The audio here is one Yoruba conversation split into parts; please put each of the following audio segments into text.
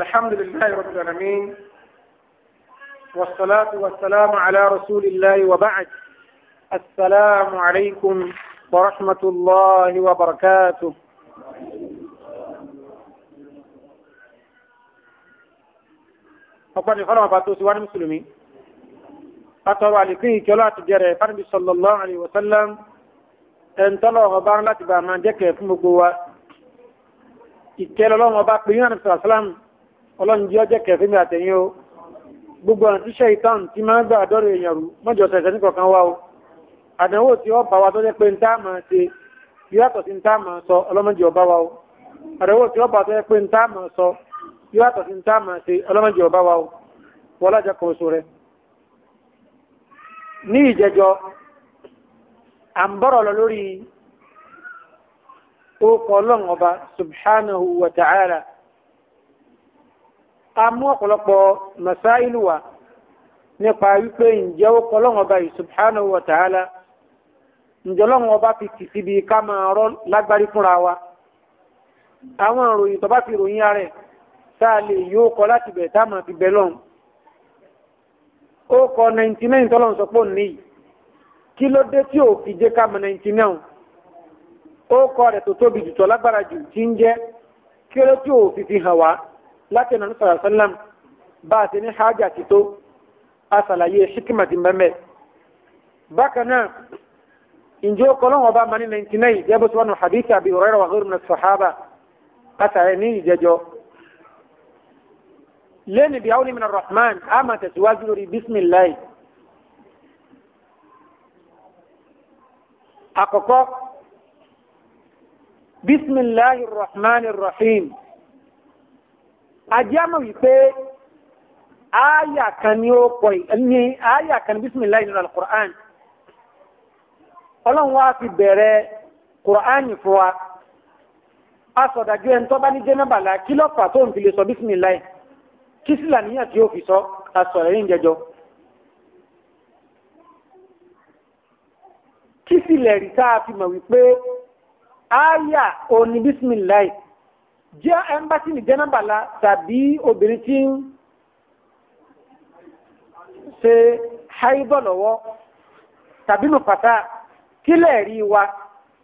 الحمد لله رب العالمين والصلاة والسلام على رسول الله وبعد السلام عليكم ورحمة الله وبركاته أقبل فرما باتوس وانا مسلمين أطوى لكي كلات جرى فرمي صلى الله عليه وسلم أن تلو غبار لاتبا من جكة في مقوة إكلا صلى الله عليه وسلم. ọlọ́run jẹ́ ọjẹ́ kẹfẹ́ mi àtẹ̀yìn o gbogbo ọ̀nà tíṣẹ́ tí máa gbà àdọ́rọ̀ èèyàn rú mọ́jọ sẹ̀sẹ̀ ní kọ̀ọ̀kan wá o àdánwò tí ó bá wa tó jẹ́ pé ń táàmà ṣe yíyàtọ̀ sí ń táàmà sọ ọlọ́mọdé ọba wa o àdánwò tí ó bá tó jẹ́ pé ń sọ yíyàtọ̀ sí ń táàmà ṣe ọlọ́mọdé ọba wa o wọ́n lájà kan oṣù rẹ̀ ní ìjẹjọ à ń lọ lórí orúkọ a mú ọ̀pọ̀lọpọ̀ masáìlú wa nípa wípé ǹjẹ́ ó kọ́ lọ́wọ́ ọba subhanahu wa ta'ala ǹjẹ́ lọ́wọ́ ọba fi kì síbi ká máa rọ́ lágbárí fúnra wa àwọn ìròyìn tó bá fi ròyìn ara ẹ̀ tá a lè yóò kọ láti bẹ̀ tá a máa fi bẹ̀ lọ́hùn ó kọ 99 tọ́lọ́n sọ pé òun níyì kí ló dé tí ò fi jẹ́ ká mọ 99 ó kọ rẹ̀ tó tóbi jù tó lágbára jù tí ń jẹ́ kí ló tí ò fi fi hàn wá. láti ẹnu sọ̀rọ̀ sọ́lám bá a ti ní hájà ti tó asàlàyé hikimati mẹ́mẹ́ bákan náà ìjọ kọlọ́wọ́ bá ma ní 99 jẹ́ bó ti wà nù hadith àbí ọ̀rẹ́rẹ́ wà lórí sọ̀hábà asàlẹ̀ ní ìjẹjọ́ lẹ́ni bí àwọn ìmìnà rahman a máa tẹ̀síwájú lórí bismillah àkọ́kọ́ bismillahir rahmanir rahim àjẹmọ wípé aya kan ni ó pọ ní aya kan bisimilayi nínú alukur'an ọlọ́run wá fi bẹ̀rẹ̀ kur'an fún wa asọ̀dájú ẹni tó bá ní jẹ́nàbàlá kí ló fà tó ń fi lè sọ bisimilayi kí sì làníyàn tí ó fi sọ asọ̀rọ̀ yìí ń jẹjọ. kí sì tá a fi mọ̀ wípé aya òní bisimilayi jẹ́ ẹmbásí ní jẹ́nàbàlá tàbí obìnrin tí ń ṣe haibọ̀ lọ́wọ́ tàbí nùfàtà kílẹ̀ rí wa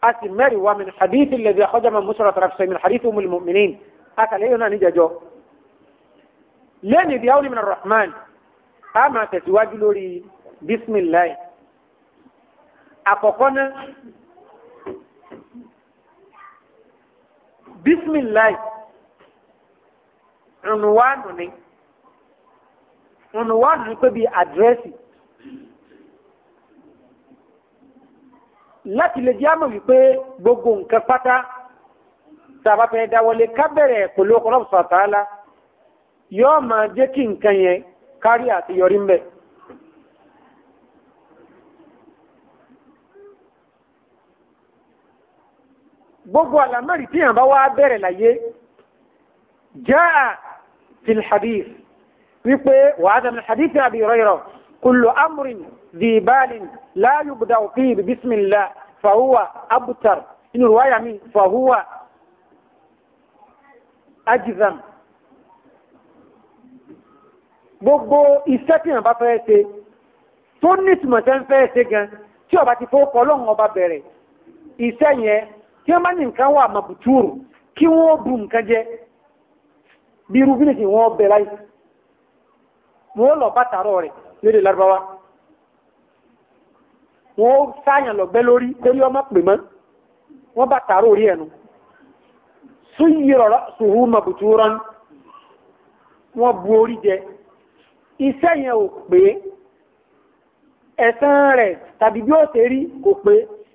a sì mẹ́rin wa min hadith alladhi akhrajahu Muslim tarafi min hadith umul mu'minin akàlẹ́ bisimilayi ǹwánu ni ǹwánu ni pé bíi àdírẹ́sì láti lè jẹ́ àmọ̀ wípé gbogbo nǹkan pátá tàbá fẹ́ dáwọlé ká bẹ̀rẹ̀ pẹ̀lú ọkọ̀ lọ́pọ̀ sọ̀tàlá yóò máa jẹ́ kí nǹkan yẹn kárí àti yọrí ń gbogbo àlámọ̀rí tí yàn bá wá bẹ̀rẹ̀ láyé jaa fil hadith wípé wàá dàmú hadith àbí rọ̀yọ̀rọ̀ kullu amrin ذي بال لا يبدأ فيه بسم الله فهو أبتر إن رواية من فهو أجزم gbogbo iṣẹ́ tí wọ́n bá fẹ́ ṣe tó nítumọ̀ tẹ́ ń fẹ́ ṣe gan tí ọba ti fowó kọ́ lóhùn ọba bẹ̀rẹ̀ iṣẹ́ yẹn tí wọ́n bá ní nǹkan wà màbùtúrù kí wọ́n bu nǹkan jẹ bí irú bílẹ̀kì wọ́n bẹ̀ láì wọ́n lọ bá tààrọ̀ rẹ̀ lédè lárúbáwá wọ́n sáyàn lọ́gbẹ́ lórí lórí ọmọ pè mọ́ wọ́n bá tààrọ̀ orí ẹ̀nu súyìrọ̀ sùhú màbùtúrọ̀ wọ́n bu orí jẹ iṣẹ́ yẹn ò pé ẹ̀san rẹ̀ tàbí bí ó ṣe rí kò pé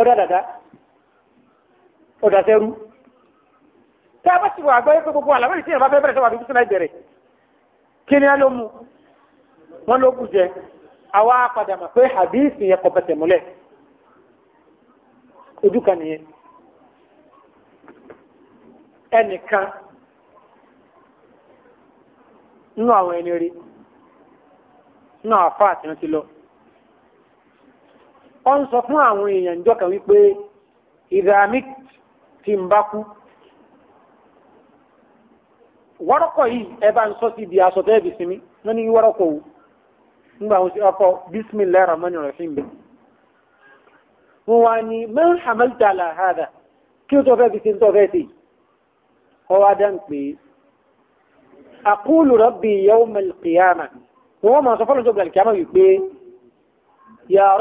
ọ̀dà dàda ọ̀dà sẹ́rú tá a bá ti wà àgbáyé pé gbogbo àlàbẹ̀rẹ̀ tí yẹn bá fẹ́ bẹ̀rẹ̀ sọ́wọ́ àbí bísí náà bẹ̀rẹ̀ kí ni a ló mu wọ́n ló kù jẹ àwa padà mọ̀ pé àbíìsì yẹn kọ̀ pẹ̀tẹ̀ múlẹ̀ ojú kan nìyẹn ẹnìkan nínú àwọn ẹni rí nínú àwọn afáàtì wọn ti lọ. ọ ń sọ fún àwọn èèyàn ìjọ kan wípé ìdààmú ti ń bá kú wọ́rọ́kọ̀ yìí ń sọ sí ibi aṣọ tẹ́ sinmi wọ́n ní wọ́rọ́kọ̀ wò nígbà wọn sí ọkọ̀ bisimilayi rahman rahim man hamilton kí o tó fẹ́ fi sí fẹ́ sí ọ wá rabbi wọ́n mọ̀ sọ fọ́lọ́ tó gbàlùkìyàmà wípé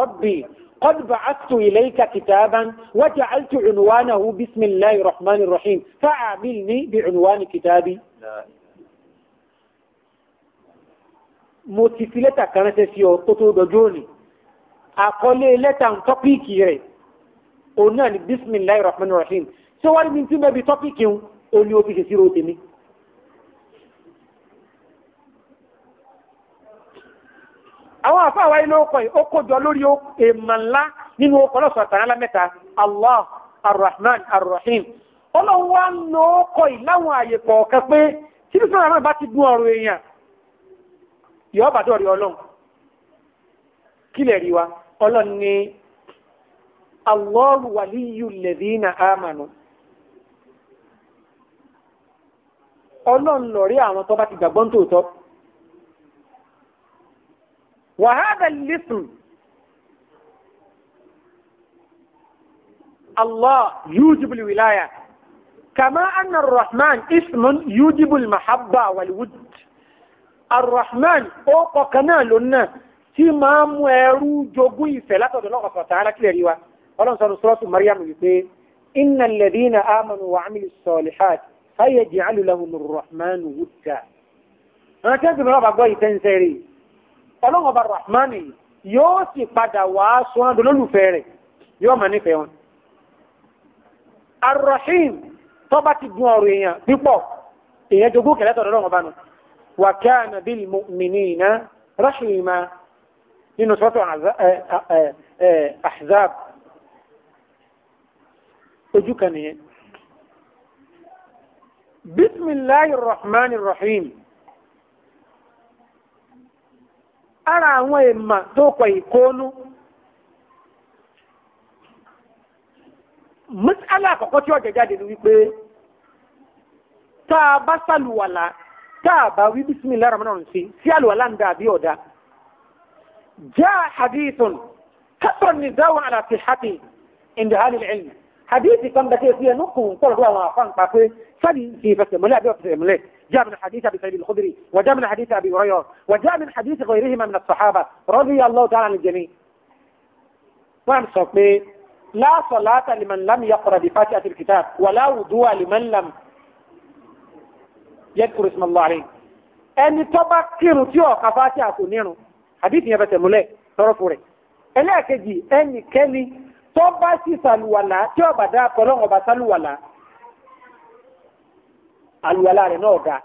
rabbi قد بعثت إليك كتابا وجعلت عنوانه بسم الله الرحمن الرحيم فعاملني بعنوان كتابي mo ti fi lẹ́tà kan ránṣẹ́ sí ọ tó tó dọjọ́ òní àkọlé lẹ́tà ń tọ́píìkì rẹ̀ òun náà ni bisimilayi rahman rahim ṣé wàá ní tí mo bí tọ́píìkì ń o o fi ṣe sí ro tèmi. àwọn àfa àwa ilé ọkọ̀ yìí ó kójọ lórí èèmà ńlá nínú ọkọ̀ lọ́sọ̀ àtàrà mẹ́ta allah arrahman arrahim ọlọ́run wa ń lo láwọn àyè kọ̀ọ̀kan pé tí bí sọ́nà náà bá ti gún ọrùn èèyàn yọ̀ọ́ bàdọ̀ rí ọlọ́run rí wa ọlọ́run ni allahu waliyu amanu ọlọ́run lọ rí àwọn tó bá ti وهذا الاسم الله يوجب الولاية كما أن الرحمن اسم يوجب المحبة والود الرحمن أوقع كنا لنا تما ميرو جوغوي فلاتة الله سبحانه كلي روا ولن سورة مريم يقول إن الذين آمنوا وعملوا الصالحات فيجعل لهم الرحمن ودا أنا كنت من ربع قوي تنسيري ọlọ́run ọba rahmani yóò sì padà wá sọ wọn dolólùfẹ́ rẹ̀ yóò máa nífẹ̀ẹ́ wọn. arrahim tọ́ba ti dun ọ̀rọ̀ èèyàn pípọ̀ èèyàn jogún kẹlẹ́tọ̀ ọlọ́run ọba nù wa kana bil mu'minina rahima nínú sọ́tọ̀ ahzab ojú kan nìyẹn. bismillahir rahmanir rahim. ara àwọn èèmà tó kọ ìkóónú mọ́sálà àkọ́kọ́ tí ọ̀jẹ̀ jáde ni wípé tá a bá sàlùwàlà tá a bá wí bísímìlá ramana ọ̀run sí sí àlùwàlà ń da àbí jẹ́ hadithun kẹ́tọ̀ ní dáwọn àlàfi hàtì ìndàhálì حديث كم بكي فيه نقو طول هو وافان قاكوي فدي في فسملا بيو فسملا جاء من حديث أبي سعيد الخدري وجاء من حديث أبي هريرة وجاء من حديث غيرهما من الصحابة رضي الله تعالى عن الجميع وعن صوتي لا صلاة لمن لم يقرأ بفاتحة الكتاب ولا وضوء لمن لم يذكر اسم الله عليه ẹni tó bá kírun tí ọ̀ka fátí àkò nírun àbí ìtìyẹn fẹsẹ̀ múlẹ̀ tọrọ fún rẹ̀ ẹlẹ́ẹ̀kejì ẹnikẹ́ni tọ́ba sì sàlùwàlà tí ọba dá akọlọ́hún ọba sàlùwàlà àlùwàlà rẹ̀ náà ga.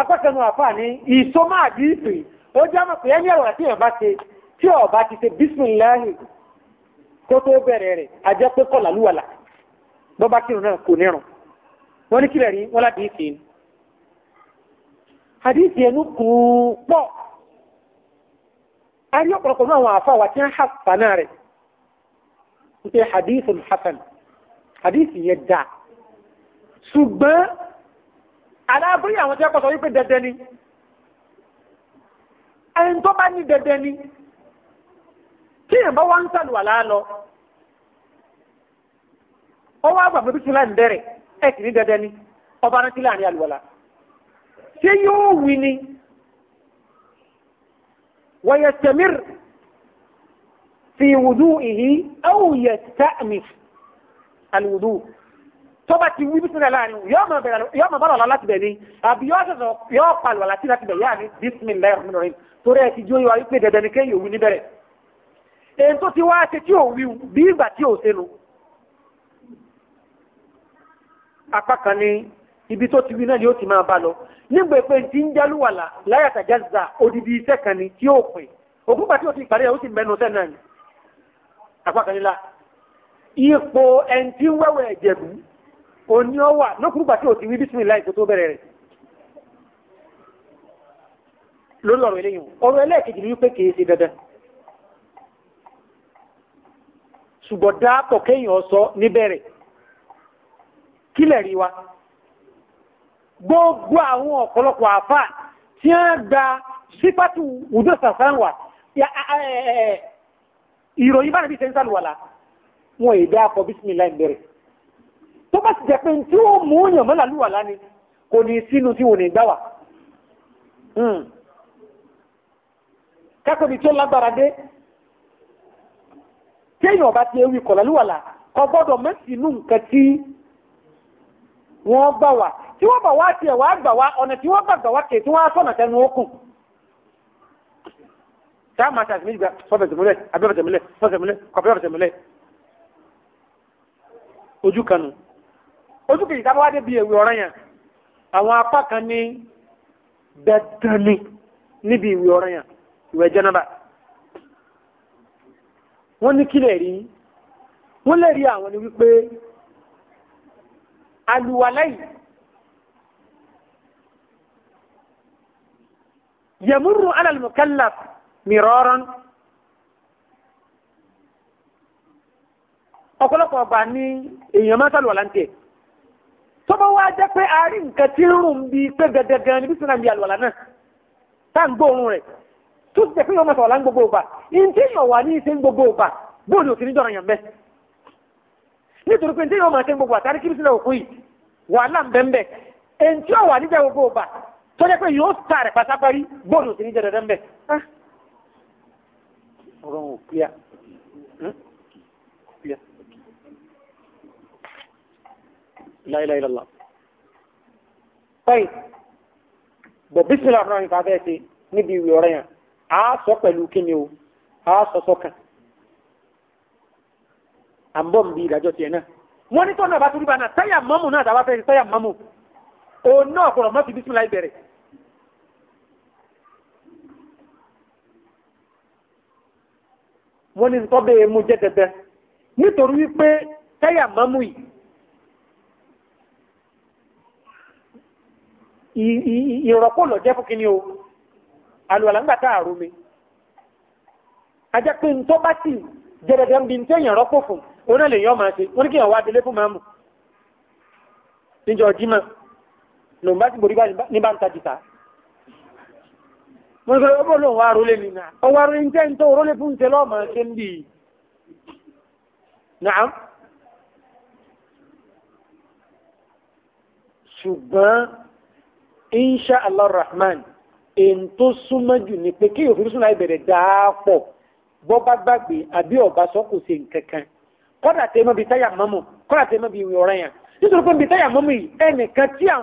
akọ́sẹ́nu àfààní ìsọmọ́ àdìsí ó jẹ́ àmọ̀ pé ẹni àwòrán tí yẹn bá ṣe tí ọba ti ṣe bísímìláhì kó tó bẹ̀rẹ̀ rẹ̀ ajẹ́ pé kọ́ làlùwàlà bọ́bá kírun náà kò nírun wọ́n ní kílẹ̀ rí wọ́n ládìsí ni. àdìsí ẹnu kùn pọ̀ a rí ọ̀pọ̀lọpọ̀ náà àwọn àfa wa tí wọ́n hà wípé hadithun hasan hadith yẹn dà ṣùgbọ́n aláàbúrò àwọn tí wọ́n kọ́ sọ wípé dandan ni ẹni tó bá ní dandan ni tí èèyàn bá wá ń sàlùwàlá lọ ó wá gbàgbé bí sùlá ń bẹ̀rẹ̀ ẹ̀ sì ní dandan ni ọba rántí láàrin àlùwàlá ṣé yóò wí ni wọ́n yẹ sẹ́mìrì. في وضوئه أو يستأنف الوضوء tọ́ba ti wí bísí lẹ́la ni yọ́ ma bára lọ́la ti bẹ̀ ni àbí yọ́ sọ̀sọ̀ yọ́ palọ̀ láti láti bẹ̀ yáà ni bisimilayi rahman rahim torí ẹ ti jó yọ wípé dandan ni kéèyàn òwú níbẹ̀rẹ̀ èyí tó ti wá ṣe tí ò wí bí ìgbà tí ò ṣe nu. apá kan ní ibi tó ti wí náà ni ó ti máa bá lọ nígbà pé ti ń jálùwàlà láyàtàjà zà odidi iṣẹ́ kan ni tí ó pè òkú pàtí ò ti parí ẹ̀ ó ti mẹ́nu sẹ́nu náà ni apá kan nílá ipò ẹni tí ń wẹ́wẹ́ ẹ̀jẹ̀bù òní ọwà lókùrùgbà tí ò ti wí bísímìláì tó tó bẹ̀rẹ̀ rẹ̀ lórí ọ̀rọ̀ eléyìí ọ̀rọ̀ ẹlẹ́ẹ̀kejì ni wípé kìí ṣe dandan ṣùgbọ́n dáàpọ̀ kéèyàn sọ níbẹ̀rẹ̀ kílẹ̀ rí wa gbogbo àwọn ọ̀pọ̀lọpọ̀ àfà tí wọ́n gba sípàtù wùdó sàfáǹwà ìròyìn bá nàbí ṣe ń sàlùwàlà wọn èdè akọ bísímìláì bẹ̀rẹ̀ tó bá ti jẹ́ pé tí ó mú yàn mọ́ làlùwàlà ni kò ní sínú tí wọn ò ní gbà wá. Hmm. kákòbí tó lágbára dé téèyàn bá ti ewì kọ̀ làlùwàlà kò gbọ́dọ̀ mẹ́sìnú nǹkan tí wọ́n gbà wá tí wọ́n bá wá tiẹ̀ wá gbà wá ọ̀nà tí wọ́n gbà gbà wá kè tí wọ́n á sọ̀nà tẹnu ó kùn tá a máa ṣe àtìmí ìgbà fọ́fẹ̀tẹ̀múlẹ̀ abẹ́fẹ̀tẹ̀múlẹ̀ fọ́fẹ̀tẹ̀múlẹ̀ kọ̀fẹ́fẹ̀tẹ̀múlẹ̀ ojú kanu ojú kejì tá a bá wá dé bí ewì ọ̀rọ̀ yẹn àwọn apá kan ní dandan ni níbi ìwé ọ̀rọ̀ yẹn ìwé jẹ́nàbà wọ́n ní kílẹ̀ rí wọ́n lè rí àwọn ni wípé aluwaláyì yẹmúrù alàlùmọ̀kálàfù mìrọ́rọ́ ọ̀pọ̀lọpọ̀ ọgbà ní èèyàn máa sálùwà láǹtẹ̀ tó bá wá jẹ́ pé àárín nǹkan tí ń rùn bí pé gẹ́gẹ́gẹ́ níbi sínú àmì àlùwàlà náà tá ń gbóòórùn rẹ̀ tó ti jẹ́ pé wọ́n máa sọ̀rọ̀ láń gbogbo ọgbà ìǹtí yàn wà ní ìṣe ń gbogbo ọgbà bóòlù òsì ní dọ̀rọ̀ yàn bẹ́ẹ̀ nítorí pé ìǹtí yàn máa ṣe gbogbo àtàrí kí bísílẹ̀ òkú yìí wàhálà ń bẹ́ẹ̀ bẹ́ẹ̀ ìǹtí yàn wà níbẹ̀ gbogbo ọgbà tó jẹ́ pé yóò sàrẹ̀ pátápárí bóòlù òsì ní jẹ́ ń bẹ́ẹ̀ ọ̀rọ̀ ò kíá kíá láìláìlọ́lá báyìí bọ̀ bísílá fúnra nǹkan abẹ́ ṣe níbi ìwé ọ̀rẹ́ yẹn a sọ pẹ̀lú kíni o a sọ sọ́kàn à ń bọ̀ ń bi ìdájọ́ tiẹ̀ náà wọ́n ní tọ́nà bá tó rí bá náà táyà mọ́mù náà tàbá fẹ́ táyà mọ́mù òun náà kọ̀rọ̀ mọ́ fi bísílá ìbẹ̀rẹ̀. wọ́n ní ntọ́ bẹ́ẹ̀ mú jẹ́ tẹ́tẹ́ nítorí wípé táyà mámú yìí ìrọ̀pọ̀ lọ jẹ́ fún kínní o àlùwàlà ńgbà tá a rú mi ajá pé ntọ́ bá sì jẹ́ tẹ́tẹ́ ń bi ntẹ́ yẹn rọ́pò fún òun lè yọ́ máa ṣe wọ́n ní kí yẹn wá délé fún máàmù níjọ́ jimá lòun bá sì borí bá ní bá ń ta jìtá wọ́n sọ ọbọ̀ lòun wá rólé mi náà ọwọ́ rólé ń tẹ́ ń tó rólé fún ìṣẹ́ lọ́mọ ṣe ṣùgbọ́n insha allah rahman èyí tó súnmọ́ jù ní pé kí òfin súnmọ́ ìbẹ̀rẹ̀ dáàpọ̀ bọ́ bá gbàgbé àbí ọ̀bá sọ kò ṣe nǹkan kan kọ́dà tẹ́ mọ́ bí táyà mọ́mọ́ kọ́dà tẹ́ mọ́ bí ìwé ọ̀rẹ́ yẹn nítorí pé bí táyà mọ́mọ́ yìí ẹnìkan tí à ń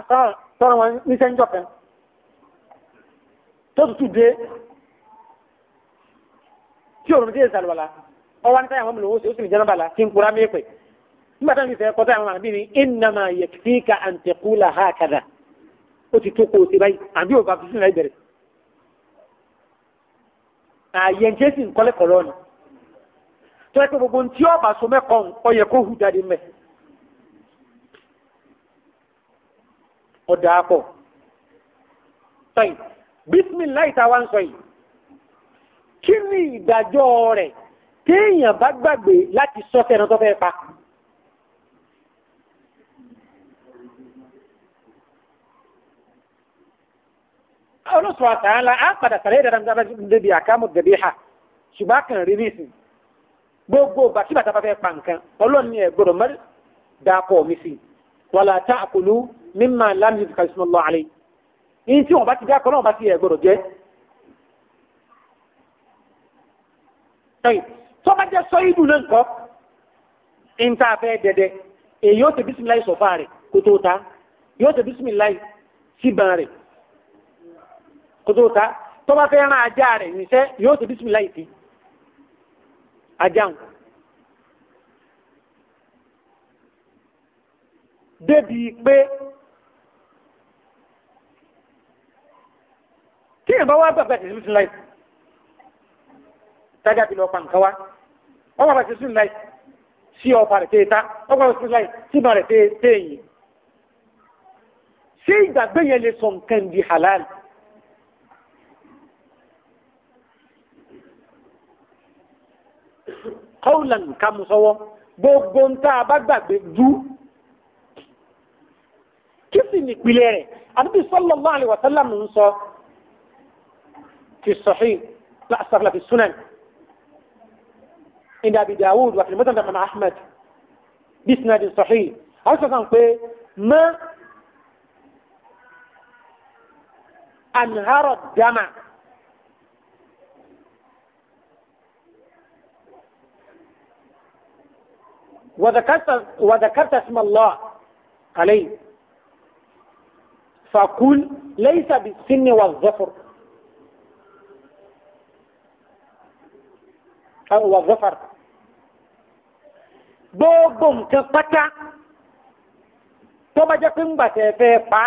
sọ̀rọ̀ wọn ní sẹ́ńjọ́ kan tó tutù dé tí òun ti sàlùwà la ọwọ́ ní táyà wọn lò ó sì ó sì ní jẹ́nàbà la kí n kura mí pè nígbà táwọn mi fẹ́ kọ́ táyà wọn àbí ni ìnàmà yẹ̀kìtìkà àǹtẹ̀kùlà ha kàdà ó ti tó kó o ti báyìí àbí òun bàbá sísìn láì bẹ̀rẹ̀ ààyè ǹjẹ́ sì ń kọ́lẹ̀ kọ́lọ́ ni tó gbogbo ntí ọba so mẹ́kọ̀ọ́ ọ yẹ kó hu jáde mẹ́ ọ̀dà pọ̀ tọ́yìn bisimilayi ta wá ń sọ yìí kí ni ìdájọ́ rẹ̀ téèyàn bá gbàgbé láti sọ sẹ́nu tó fẹ́ pa. olùsọ̀rọ̀ àtàlà á padà sàlẹ̀ dáadáa débi àkámù dẹ̀bí ha ṣùgbọ́n a kàn rí ní ìsìn gbogbo bàtí bàtà bá fẹ́ pa nǹkan ọlọ́run ni ẹ̀ gbọ́dọ̀ mọ́ dàpọ̀ mi sí wàlá ta'kulu mimma lam yuzkar ismullahi alayhi ní tí wọn bá ti dákọ náà bá ti ẹ gbọ́dọ̀ jẹ. tó bá jẹ́ sọ ìlú náà nǹkan ń tá a fẹ́ dẹ́dẹ́ èyí yóò ṣe bísímìláì sọ̀fà rẹ̀ kó tó ta yóò ṣe bísímìláì síbàn rẹ̀ kó ta tó fẹ́ rán ajá rẹ̀ níṣẹ́ yóò ṣe bísímìláì sí ajá ń. débi pé èèyàn bá wá gbàgbà tẹ̀sí sùn láì tájà ti lọ pa nǹkan wá wọ́n gbàgbà tẹ̀sí sùn láì sí ọ̀pá rẹ̀ téye ta wọ́n gbàgbà tẹ̀sí sùn láì sí ìbọn rẹ̀ téye ṣé ìgbàgbé yẹn lè sọ nǹkan di halal kọ́ọ̀lá nǹkan mu sọ́wọ́ gbogbo ń tá a bá gbàgbé ju kí sì nìpìlẹ̀ rẹ̀ àdúgbò sallallahu alaihi wasallam ń sọ في الصحيح لا أستغل في السنن عند أبي داود وفي المدرسة مع أحمد بإسناد صحيح هل سنقول ما أنهار الدمع وذكرت وذكرت اسم الله عليه فقل ليس بالسن والظفر wà zọ́fàr gbogbo nǹkan pátá tó bá jẹ́ pé ń gbà tẹ̀fẹ́ pa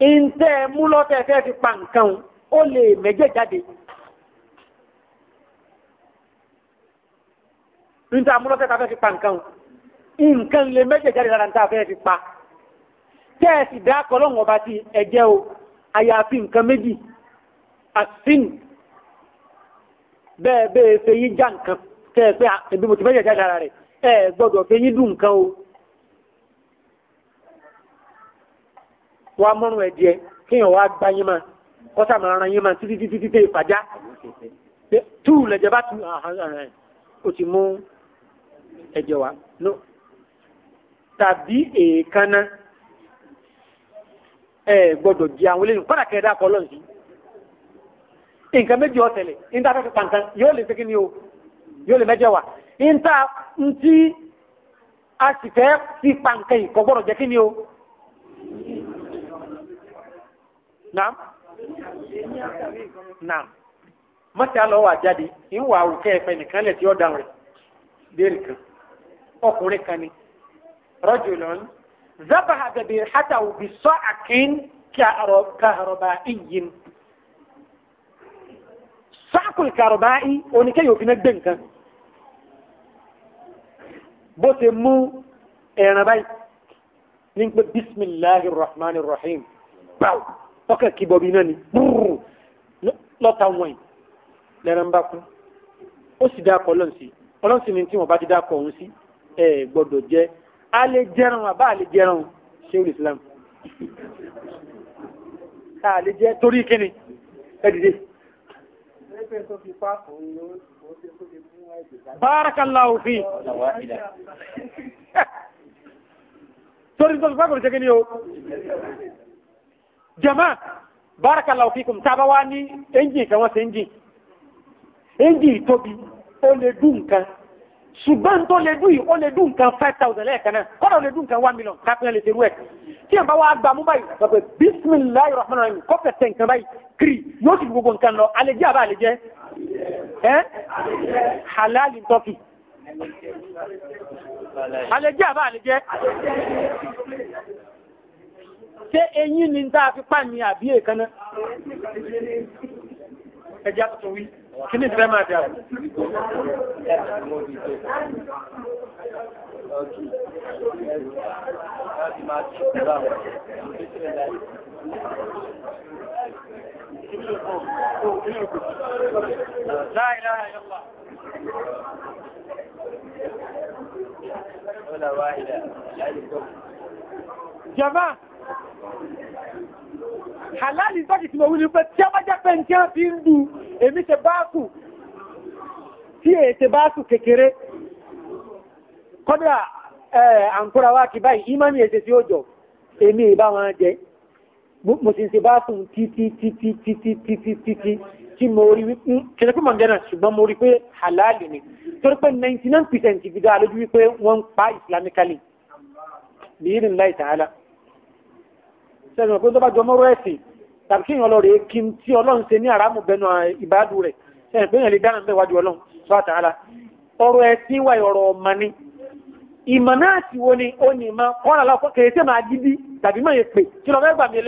ìǹtẹ́ mú lọ tẹ̀fẹ́ fi pa nǹkan ó lè mẹ́jẹ̀ jáde níta amúlọ́tẹ́ ta fẹ́ fi pa nǹkan nǹkan lè mẹ́jẹ̀ jáde ọba ti ẹ̀jẹ̀ o àyàfi nǹkan méjì àsìn bẹ́ẹ̀ bẹ́ẹ̀ fẹ́ yín já nǹkan tẹ́ ẹ pé ẹbí mo ti fẹ́ jẹ̀jẹ̀ ara rẹ̀ ẹ gbọ́dọ̀ fẹ́ yín dùn nǹkan o. wàá mọ́rùn ẹ̀ díẹ̀ kéèyàn wá gbá yín máa kọ́sà máa ran yín máa títí títí títí ìfàjá túù lẹ́jẹ̀ bá tu o ti mú ẹ̀jẹ̀ wá tàbí èèkánná ẹ gbọ́dọ̀ di àwọn eléyìí kọ́dà kẹ́ẹ̀dá kọ́ lọ́sìn nǹkan méjì ọ̀tẹ̀lẹ̀ níta fẹ́ fi pàǹkan yóò lè segin ni o yóò lè mẹ́jẹ̀ wá níta ntí a sì fẹ́ fi pàǹkan yìí kọ́ gbọ́dọ̀ jẹ́ kí ni o. naam naam mọ́tí àlọ́ wà jáde ń wà òkè ẹ̀fẹ́ nìkan lẹ̀ tí ó dáhùn rẹ̀ béèrè kan ọkùnrin kan ni rọ́jò lọ́nù zabaha bẹ̀bẹ̀ hátà òbí sọ́ àkín kí a rọ̀ bá ìyìn sáàkùl kàrùbáì oníkẹ́yìn òfin gbé nǹkan bó ṣe mú ẹ̀ràn báyìí ní pé bismillahir rahmanir rahim báwo ọkà kí bọ̀bí náà ni búrú lọ́ta wọ̀nyí lẹ́ran bá kú ó sì dákọ̀ ọlọ́run sí ọlọ́run sì ni tí wọ́n bá ti dákọ̀ ọ̀hún sí ẹ̀ gbọ́dọ̀ jẹ́ a lè àbá a lè jẹran ṣéwìlì islam a lè torí kíni ẹ dìde pé tó fi pa òun ló ó ṣe tó fi mú ẹ̀jẹ̀ jáde. bárakàláwò fi. torí tó fi pa kò ni o. jama bárakàláwò fi kùn tábà wá ní ẹ́ńjìn kan wọ́n ṣe ẹ́ńjìn ẹ́ńjìn ó lè dùn nǹkan ṣùgbọ́n tó lè dùn yìí ó lè dùn nǹkan five thousand lẹ́ẹ̀kan náà kọ́dà ó lè dùn nǹkan one million kápẹ́n lè serú ẹ̀ tí ẹ̀ bá wá gba mú báyìí bàbá bisimilayi rahman rahim kọ́fẹ̀ tẹ̀ nǹkan báyìí kiri yóò ti gbogbo nǹkan lọ alẹ́jẹ́ àbá alẹ́jẹ́ ẹ́ halali tọ́kì alẹ́jẹ́ àbá alẹ́jẹ́ ṣé eyín ni tá a fi pàmì àbí èèkan ẹ̀jẹ̀ àtúntò wí kí ni ìfẹ́ máa dà bù. لا إله إلا الله ولا واحدة جماعة halali tọ́kì tí mo wí ní pé tí a bá jẹ́ pé tí a fi ń du èmi ṣe báàkù tí èyí ṣe báàkù kékeré kọ́dà àǹkóra wá kí báyìí ìmánì èsè tí ó jọ èmi ìbá wọn jẹ mo sì ṣe báàkù títí títí títí títí títí tí mo rí wípé kìlẹ̀ pé mọ̀gẹ́nà ṣùgbọ́n mo rí pé halali ni torí pé 99 percent fi dá lójú wípé wọ́n ń pa islamically bí ìrìn láì tààlà sẹ́nu pé tó bá jọ mọ́rọ́ ẹ̀sìn tàbí kí ìyàn lọ rèé kí n tí ọlọ́run ṣe ní àràmù bẹnu ìbádù rẹ̀ sẹ́nu pé èèyàn lè dáná bẹ́ẹ̀ wájú ọlọ́run sọ àtàrà ọ̀rọ̀ ẹ̀sìn wà ọ̀rọ̀ ọ̀ma ni ìmọ̀ náà ti wo ni ó ní ìmọ̀ kọ́ra lọ́kọ́ kèrè tẹ́ máa gidi tàbí máa pè kí lọ fẹ́ gbà mí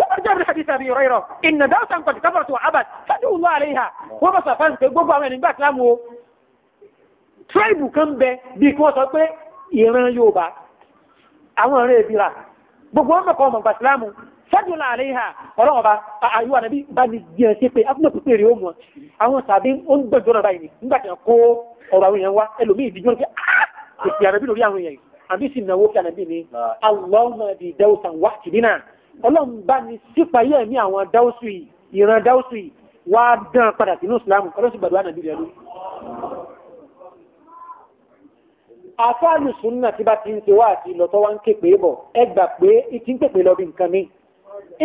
jẹ́ bí في àbí ìrọ̀ ìrọ̀ ìnà dáwọ́sà ń kọ̀dí kábọ̀tù abad fẹ́dùn lọ àlẹ́ ìhà wọ́n من sàfáàsì pé gbogbo àwọn ènìyàn gbàtí láàmú o tíráìbù kan bẹ bí ما wọ́n sọ pé ìran Yorùbá àwọn ọ̀rẹ́ ìbíra gbogbo wọn mọ̀kọ́ ọmọ gbàtí láàmú fẹ́dùn lọ àlẹ́ ìhà ọlọ́wọ́n bá àyù ànàbí bá ní jẹ́ ṣe pé afúnà pípé rèé mọ̀ àwọn sàbí ó ń gbẹ̀jọ́ náà báyìí nígbà tí wọ́n kó ọ̀rọ̀ àwọn èèyàn wá ẹlòmíì ìdíjọ́ pé ah! àbí sì náwó kí ànàbí ni Allahumma di dawsan waqtidina ọlọ́run bá ní sípayé ẹ̀mí àwọn dáúsù yìí ìran dáúsù yìí wá dán padà sínú ìsìlámù ọlọ́sì gbàdúrà nàbí rẹ̀ ló. àfáàlù súnà tí bá ti ń ṣe wá àti ìlọ́tọ́ wá ń ké pé bọ̀ ẹ gbà pé ti ń pèpè lọ bí nǹkan mi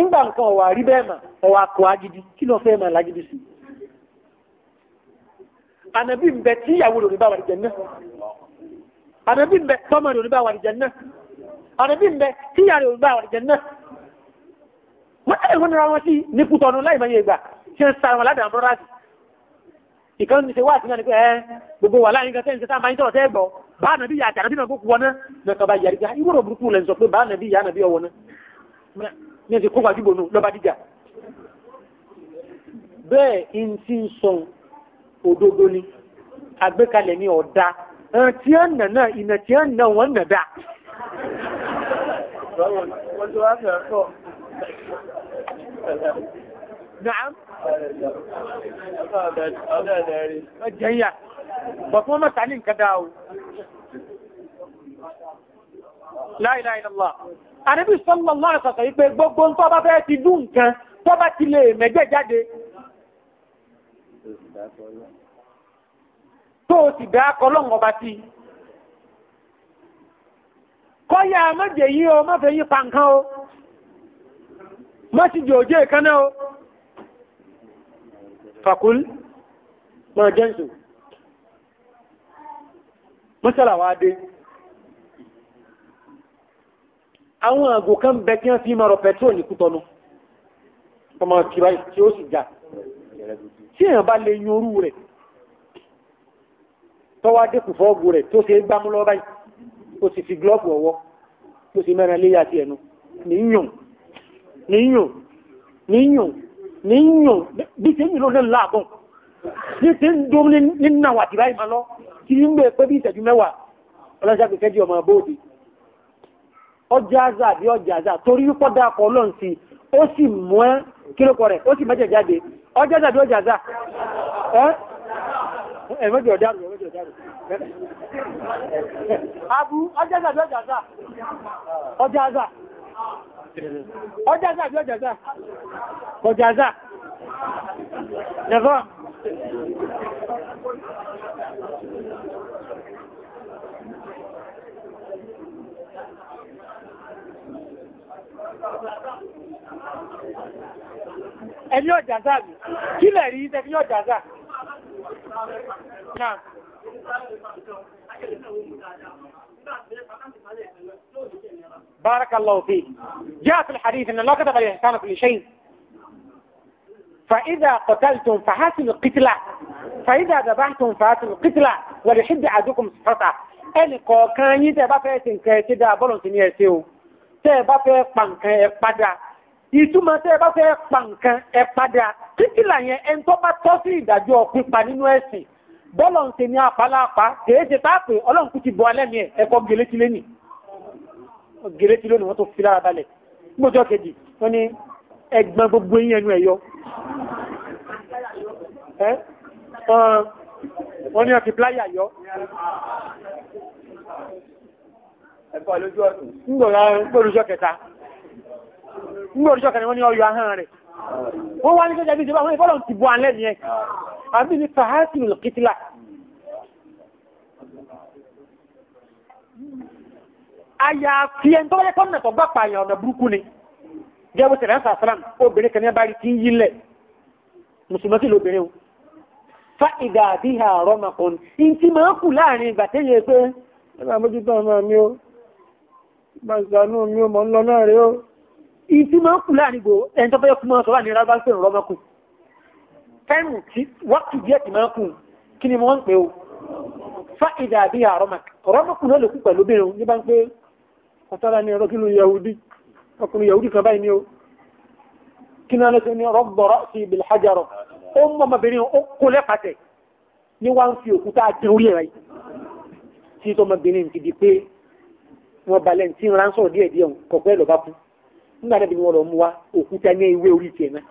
ńgbà nǹkan ọ̀wà rí bẹ́ẹ̀ mà ọ̀wà kọ agidi kí ló fẹ́ mà lágidi sí. ànàbí ń bẹ tí ìyàwó lòdì bá wà nìjẹ náà ànàbí ń bẹ tọ́mọ lòdì bá wà nìjẹ náà ànàbí ń bẹ tí ìyàwó lòdì bá wà nìjẹ náà wọ́n ẹ̀ wọ́n nira wọn sí nípútọ́nù láì mọ̀ yẹn gbà ṣe ń sa wọn ládàá brọ́dá sí. ìkan ní ṣe wá àti náà ni pé ẹ gbogbo wà láyé nǹkan tẹ́ máa ń sọ̀rọ̀ tẹ́ gbọ́ bá ànàbí yà àtàrà bí náà kó wọná lọ́kọ̀ bá yàrí gbà ìwúrò burúkú lẹ́ sọ pé bá ànàbí yà ànàbí ọwọ́ náà ní ẹ̀sìn kó wájú bònú lọ́ba dìjà. bẹ́ẹ̀ n ti ń sọ òdodo ni àgbékalẹ̀ ni ọ̀dà tí ó nà náà ìnà tí ó nà wọ́n nà dáa. Nàám. Ọjọ́ ìyá. Bọ̀tún wọn mẹ́ta ní nǹkan dáa o. La ilaha illallah. Ànábì sallallahu alaihi wasallam pé gbogbo ń tọ́ bá fẹ́ ti dùn nǹkan tó bá ti lè mẹ́jẹ̀ jáde. Tó o sì dá akọ lọ́wọ́ bá ti. Kọ́yà mẹ́jẹ̀ yìí o, mẹ́fẹ̀ yìí pa nǹkan o má ti jò jẹ́ ìkaná o fàkúl máa jẹ́ǹsù mọ́sálàwà dé àwọn àgò kan bẹ tí wọ́n fi máa rọ pẹ̀tró ní kútọ́nù ọmọ kìbá tí ó sì já tí èèyàn bá lè yún orú rẹ̀ tọ́wá dẹ́kù fọ́ọ̀gù rẹ̀ tó ṣe gbámúlọ́ báyìí ó sì fi glọ́ọ̀fù ọwọ́ tó sì mẹ́rin léyà ti ẹnu ní yùn níyùn níyùn níyùn bí n'i èyí ló lè láàbọ̀ ní tí ń dún ní náwà tí báyìí máa lọ ń gbé pé bí mẹ́wàá ọlọ́sàkẹ́kẹ́ ọmọ abóòdì ọjà àzà àbí ọjà àzà torí pọ́ dákọ̀ ọlọ́run sí ó sì mú ẹ́ kílókọ rẹ̀ ó sì mẹ́jẹ̀ jáde ẹ ọjàzà àbí ọjàzà ọjàzà nẹ̀fọ́ ẹni ọjàzà mi kí lẹ̀ rí tẹ́kí ọjàzà náà بارك الله فيه جاء في الحديث أن الله كتب الإحسان كل شيء فإذا قتلتم فحاسب القتلة فإذا ذبحتم فحاسب القتلة ولحد عدوكم سفرته ẹnì kọ̀ọ̀kan yín tẹ́ ẹ bá fẹ́ ti nǹkan ẹ ti dáa bọ́ọ̀lù sí ni ẹ ṣe o tẹ́ ẹ bá fẹ́ pa nǹkan ẹ padà ìtumọ̀ tẹ́ ẹ bá fẹ́ pa nǹkan ẹ padà títí là yẹn ẹni tó bá tọ́ sí ìdájọ́ pípa nínú ẹ̀sìn bọ́ọ̀lù sí ni apálápá kèé ṣe táàpé ọlọ́run kú ti bọ alẹ́ mi ẹ̀ ẹ̀kọ́ gẹlẹ́tìlẹ́nì gèrè tí lónìí wọ́n tó fi lára balẹ̀ gbọ́jọ́ kejì wọ́n ní ẹgbọ́n gbogbo yín ẹnu ẹ̀yọ wọ́n ní ọ̀fi pláyà yọ ńgbòrúṣọ́ kẹta ńgbòrúṣọ́ kẹta wọ́n ní ọyọ ahọ́n rẹ̀ wọ́n wá ní sọ́jà bí ìjọba àwọn ìfọ́lọ̀ ti bọ́ alẹ́ nìyẹn àbí ní fàhásìlù kìtìlá àyàfi ẹni tó bá yẹ kó nà tó gbà pààyàn ọ̀nà burúkú ni bụ sẹ̀rẹ̀ ẹ̀sà sàlám obìnrin kan ní abáyé tí ń yí lẹ̀ mùsùlùmí sì lóbìnrin o fa ìdá ha ọ̀rọ̀ máa kọ́ ni ntí máa kù láàrin ìgbà tẹ́yẹ pé ẹ mi o bá ìsànú mi o ń o máa kù láàrin ẹni tó bá yẹ kú máa sọ wà ní pé ọ̀rọ̀ máa kù fẹ́ẹ̀mù tí o fa náà pẹ̀lú obìnrin ní kọtara ní ọ̀rọ̀ kínú yahudi ọkùnrin yahudi kan báyìí ni ó kí náà lẹ́sẹ̀ ní ọ̀rọ̀ gbọ́rọ̀ sí ibi hajarọ̀ ó ń mọ́mọbìnrin ó kó lẹ́pàtẹ̀ ní wá ń fi òkúta àti orí ẹ̀rọ yìí tí tọmọbìnrin ti di pé wọn balẹ̀ tí ń ránṣọ́ díẹ̀ díẹ̀ kọ̀pẹ́ lọ bá kú nígbà náà bí wọn lọ mú wa òkúta ní ewé orí tiẹ̀ náà.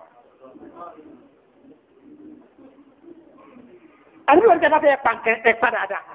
àdúgbò ìjọba fẹ́ pa ẹ̀ padà dáa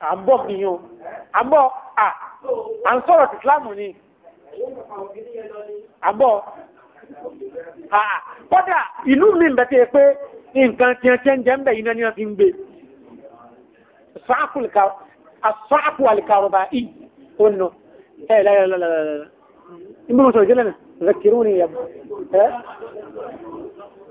à ń bọ̀ kìí o à ń bọ̀ à à ń sọ̀rọ̀ tìsílámù ni à ń bọ̀ à kọ́dà ìlú mi ń bẹ̀tẹ̀ pé nǹkan tiẹ̀tiẹ̀ ń jẹ́ ń bẹ̀ yìí náà ni wọ́n fi ń gbé asọ́àpù àlìkàrọ̀bà ì ọ̀nà nà zakiruni yàgbọ́ ẹ̀.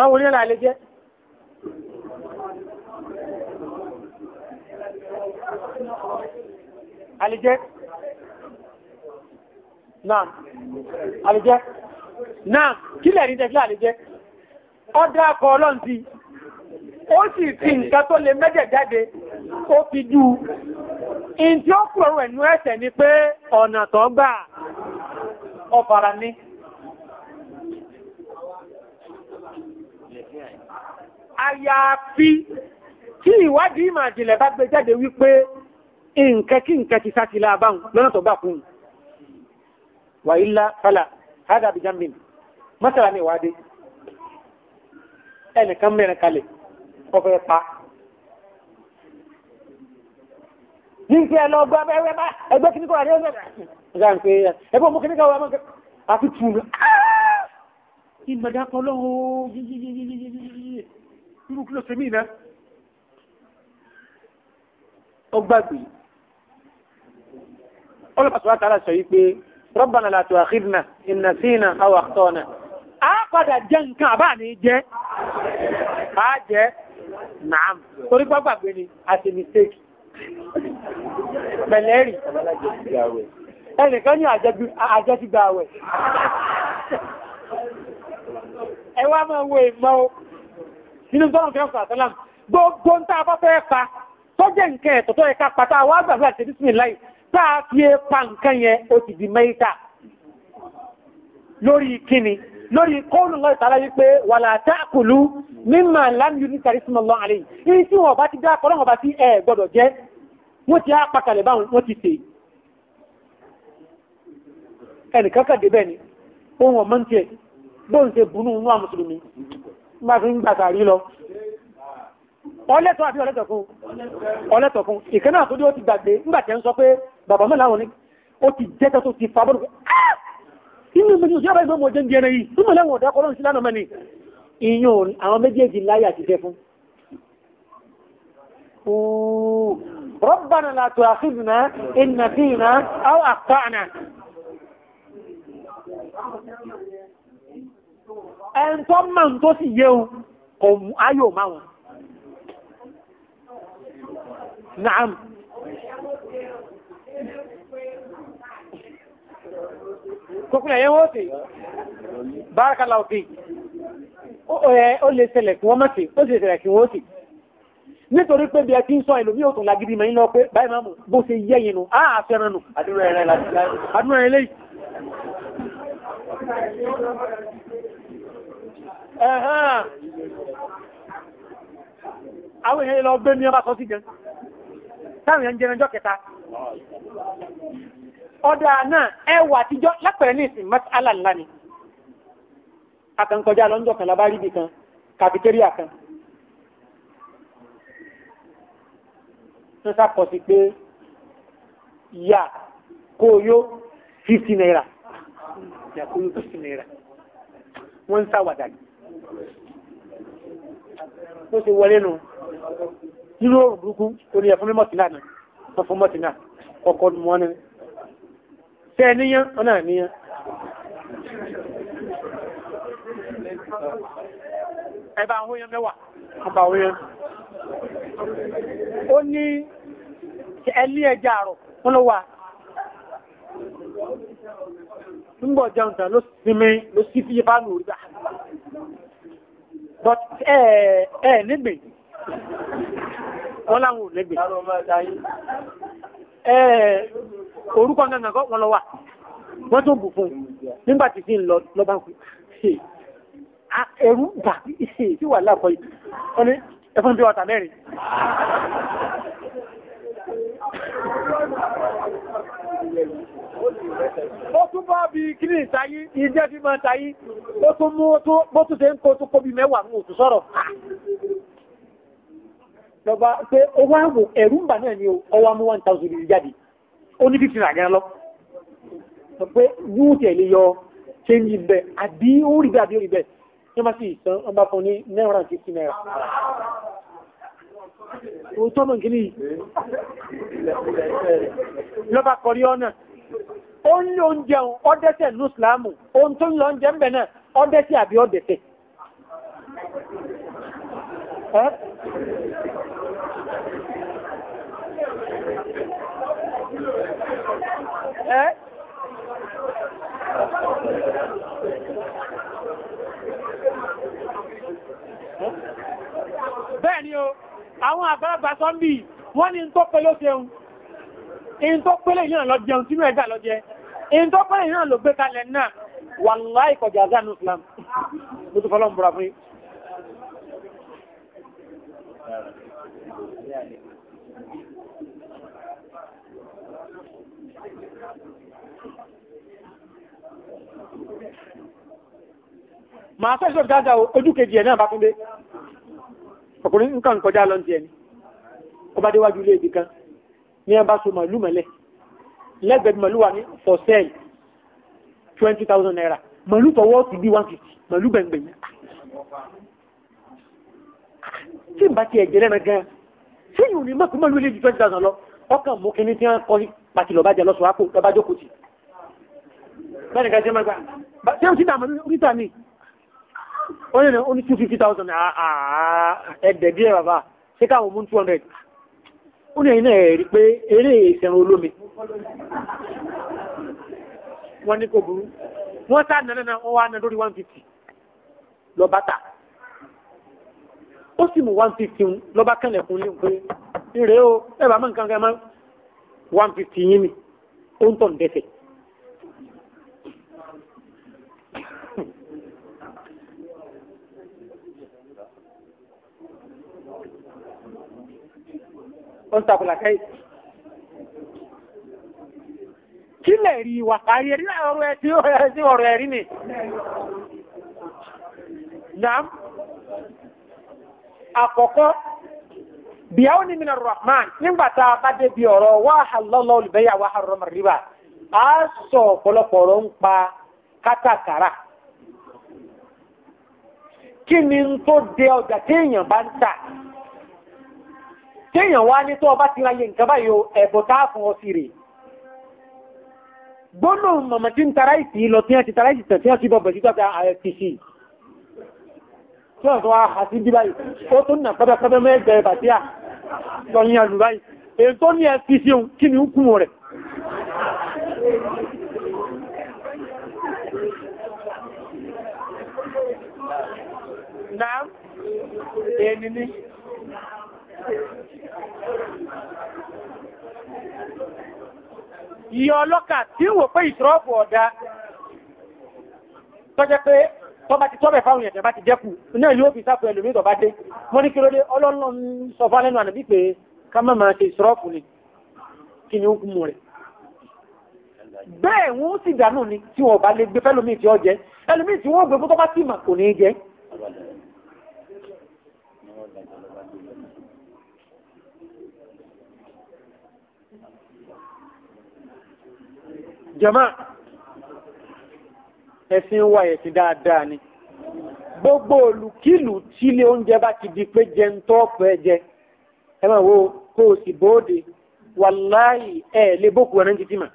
àwọn wo ni ọ̀là lè jẹ́. àlejẹ́ náà àlejẹ́ náà kí lẹ́rí tẹ́fí àlejẹ́ ọdá akọ ọlọ́n ti ó sì fi nǹkan tó lè mẹ́jẹ̀ jáde ó fi jú in tí ó pọ̀rọ̀ ẹ̀nú ẹ̀sẹ̀ ni pé ọ̀nà tó ọ̀fàrà àyàfi tí ìwádìí ìmọ̀ àjìnlẹ̀ bá gbé jáde wípé nǹkan kí nǹkan ti sátìlá àbáhùn lọ́nà tó bá fún un wà ilá fàlà hádà àbíjá mi mọ́sàlá ní ìwádìí ẹnìkan mẹ́rin kalẹ̀ ọfẹ́ pa nígbẹ́ ẹ lọ gbọ́ ẹgbẹ́ kí ní kọ́ àríyá ọ̀sẹ̀ ẹgbẹ́ mú kí ní kọ́ wà mọ́ irú kí ló ṣe mí náà ó gbàgbé ọlọ́pàá sọ̀rọ̀ àtàrà sọ yìí pé rabbana la tu'akhidhna in nasina aw akhta'na á padà jẹ́ nǹkan àbá ní jẹ́ á jẹ́ naam torí gbàgbàgbé ni àti mistake pẹ̀lẹ́rì ẹnìkan ní àjẹ́ ti máa wo ìmọ̀ nínú tọ́lọ̀ fẹ́ ọ̀sán àtàlám gbogbo ń tá a bá fẹ́ pa tọ́jẹ́ nǹkan ẹ̀tọ́ tó yẹ ká pàtà wá gbàgbé àti bísímìláì tá a fi é pa nǹkan yẹn ó ti di mẹ́ta lórí kíni lórí kọ́ọ̀lù lọ́ọ̀ ìtàlá yìí pé wà látàkùlù mímọ̀ lámìú ní kàrísìmọ̀ lọ́ọ̀ àlẹ́ yìí tí wọn bá ti dá akọ́lọ́ wọn bá ti ẹ̀ gbọ́dọ̀ jẹ́ wọ́n ti á pàkàlẹ̀ wọ́n ti sè ẹnìkan kàdé bẹ́ẹ̀ ni ohun ọ̀mọ́ ń tiẹ̀ bóun ṣe wọn mùsùlùmí bá fi ń gbà sàrí lọ ọlẹ́tọ̀ àbí ọlẹ́tọ̀kún ọlẹ́tọ̀kún ìkẹ́nà àtúndí ó ti gbàgbé nígbà tẹ́ ń sọ pé bàbá mẹ́lá wọn ni ó ti jẹ́tọ́ tó ti fàbọ́n ah! inú mi ní òṣìṣẹ́ báyìí mọ́ jẹ́ ń jẹrẹ yìí nínú lẹ́wọ̀n ọ̀dọ́ ọkọ̀ lọ́nà sílánà mẹ́ni ìyún àwọn méjèèjì láyà ti jẹ fún ربنا لا تؤاخذنا إن فينا أو أخطأنا ẹ̀ntọ́ mọ̀ tó sì yẹun kò mú ayò máa wọn naam kókùnlẹ̀ yẹn wọ́n tè bárakàlá òfin ó lè ṣẹlẹ̀ kí wọ́n mọ̀ tè ó sì ṣẹlẹ̀ kí wọ́n tè nítorí pé bí ẹ ti ń sọ ìlòmí òtún lágídí mẹ́yìn lọ pé báyìí máa mú bó ṣe yẹ yìí nù áà fẹ́ràn nù àdúrà ẹ̀rẹ́ lẹ́yìn àwọn èèyàn lọ gbé ní ọba sọ sí jẹun táwọn èèyàn jẹun ọjọ́ kẹta ọ̀dà náà ẹwà àtijọ́ lápẹ̀rẹ̀ ní ìsìn mas'ala ńlá ni akànkọjá lọ́njọ́ kan lábá rí ibì kan kàfitẹ́ríà kan ń sàkọ̀ sí pé yà kó yó 50 naira yà kó yó 50 naira wọ́n ń sáwàdà ni tó ṣe wọlé nù nínú òrùn burúkú tó ní ẹ̀fún mọ́tìlá náà wọ́n fún mọ́tìlá ọkọ̀ mọ́ ní tẹ́ níyàn ọ̀nà níyàn ẹba àwọn èèyàn mẹ́wàá ọba àwọn èèyàn ó ní ẹlí ẹja àrọ̀ wọ́n ló wà ń gbọ̀ jẹun tàn ló sinmi ló sí fíyẹ bá nù rí báyìí but ẹ eh, ẹ eh, nígbè wọ́n láwọn ò nígbè ẹ eh, orúkọ gangan kọ́ wọn lọ wà wọ́n tó bù fún un nígbà tí sí ń lọ lọ́ba kú ẹ̀rú bà sí wà láàpọ̀ yìí wọ́n ní ẹfún bí ọ̀tà mẹ́rin ó tún bá bí kíní ìtayí ìjẹ́ fi máa tayí ó tún mú bó tún ṣe ń kó tó kóbi mẹ́wàá mú òtún sọ̀rọ̀ lọ́ba pé ó wá wò ẹ̀rú ń bà náà ni ọwọ́ mú one thousand yìí jáde ó ní fífi ràgán lọ sọ pé yóò tẹ̀lé yọ ṣe ń yí bẹ́ẹ̀ àbí ó rí bẹ́ẹ̀ àbí ó rí bẹ́ẹ̀ ní wọ́n bá sì san ọba fún ní náírà fifty náírà òótọ́ mọ̀ kí ni lọ́ba kọrí ọ̀nà ó ń lò ń jẹun ọdẹ́sẹ̀ ní ìsìláàmù ohun tó ń lọ ń jẹ ń bẹ̀ náà ọdẹ́sẹ̀ àbí ọdẹ́sẹ̀ bẹ́ẹ̀ ni o àwọn àgbàlagbà sọ́mbì wọ́n ní ń tó pẹ́ ló jẹun ń tó pẹ́lẹ̀ yìí lọ jẹun sínú ẹ̀dà lọ jẹun èyí tó pẹ́ ìran ló gbé kalẹ̀ náà wàláì kọjá azánú islam mo tún fọlọ́n búra fún yín. màá fẹ́ sọ́dọ̀ dáadáa ojú kejì ẹ̀ náà bá túndé ọkùnrin nǹkan kọjá lọ́ntì ẹni ọba déwájú ilé ibì kan ní ẹ so màálù lẹ́gbẹ̀ẹ́ màlúù wà ní for sale twenty thousand naira màlúù tọwọ́ ti bí one fifty màlúù gbẹ̀ngbẹ̀yìn. tí n bá ti ẹ̀jẹ̀ lẹ́nu gan-an ṣé yìí ò ní mọ̀ pé lè ju twenty thousand lọ ọkàn mú kíní tí wọ́n kọ́ sí pàtì lọ́ba jẹ lọ́sọ̀ àpò lọ́ba jókòó tì. bẹ́ẹ̀ni ká ṣe máa gbà ṣé o ti dà màlúù oríta mi ó ní two fifty thousand ẹ̀ẹ́dẹ̀ẹ́dẹ́ bàbá ṣé ó ní ẹ̀yìn náà rí pé eré ìṣẹ̀rùn olómi wọ́n ní kò burú wọ́n sá nàná náà wọ́n wá ná lórí 150 lọ bàtà ó sì mú 150 lọ́ba kànlẹ̀kùn ní pé ire o ẹ̀bà mọ́ nǹkan kan mọ́ 150 yín ni ó ń tọ̀ ń dẹ́sẹ̀ ó ń kí lè rí ìwà kárí ẹ̀rí ọ̀rọ̀ ẹ̀ sí ọ̀rọ̀ ẹ̀rí ni. Nàám àkọ́kọ́ rahman nígbà tá a bá débi ọ̀rọ̀ wà á lọ́lọ́ olùbẹ́yà wà sọ ọ̀pọ̀lọpọ̀ ọ̀rọ̀ ń kéèyàn wá ní tó ọba ti ra nǹkan báyìí o ẹ̀bùn tá a fún ọ sí rè gbóná mọ̀mọ́ tí ń tara ìsì lọ tí wọ́n ti tara ìsì tẹ̀ tí wọ́n ti bọ̀ bẹ̀jú tọ́ka IFTC tí wọ́n tó wá ha sí bí báyìí ó tún nà pẹ́pẹ́pẹ́ mẹ́gbẹ̀ẹ́ bàtí à lọ́yìn àlù báyìí èyí tó ní FTC òun kí ni ń kún Naam, èyí ni ìyọ ọlọ́kà tí wò pé ìṣọ́ọ̀bù ọ̀dá tọ́jẹ́ pé tọ́ba ti tọ́bẹ̀ fáwọn èèyàn bá ti jẹ́kù náà yóò fi sáfẹ́ ẹlòmí tọ́ba dé wọ́n ní kí ló dé ọlọ́run sọ fún alẹ́nu ànàbí pé ká má máa ṣe ìṣọ́ọ̀bù ni kí ni ó kú mu rẹ̀ bẹ́ẹ̀ wọ́n sì dànù ni tí wọ́n bá lè gbé fẹ́lòmí tí ó jẹ́ ẹlòmí tí jama ẹ̀sìn wa ẹ̀sìn dáadáa ni gbogbo olùkílù tí ilé oúnjẹ bá ti di pé jẹ ń tọ́ ọ̀pọ̀ ẹ ẹ máa wo kó o sì bóde wàláì ẹ lè bókù ẹran títí mà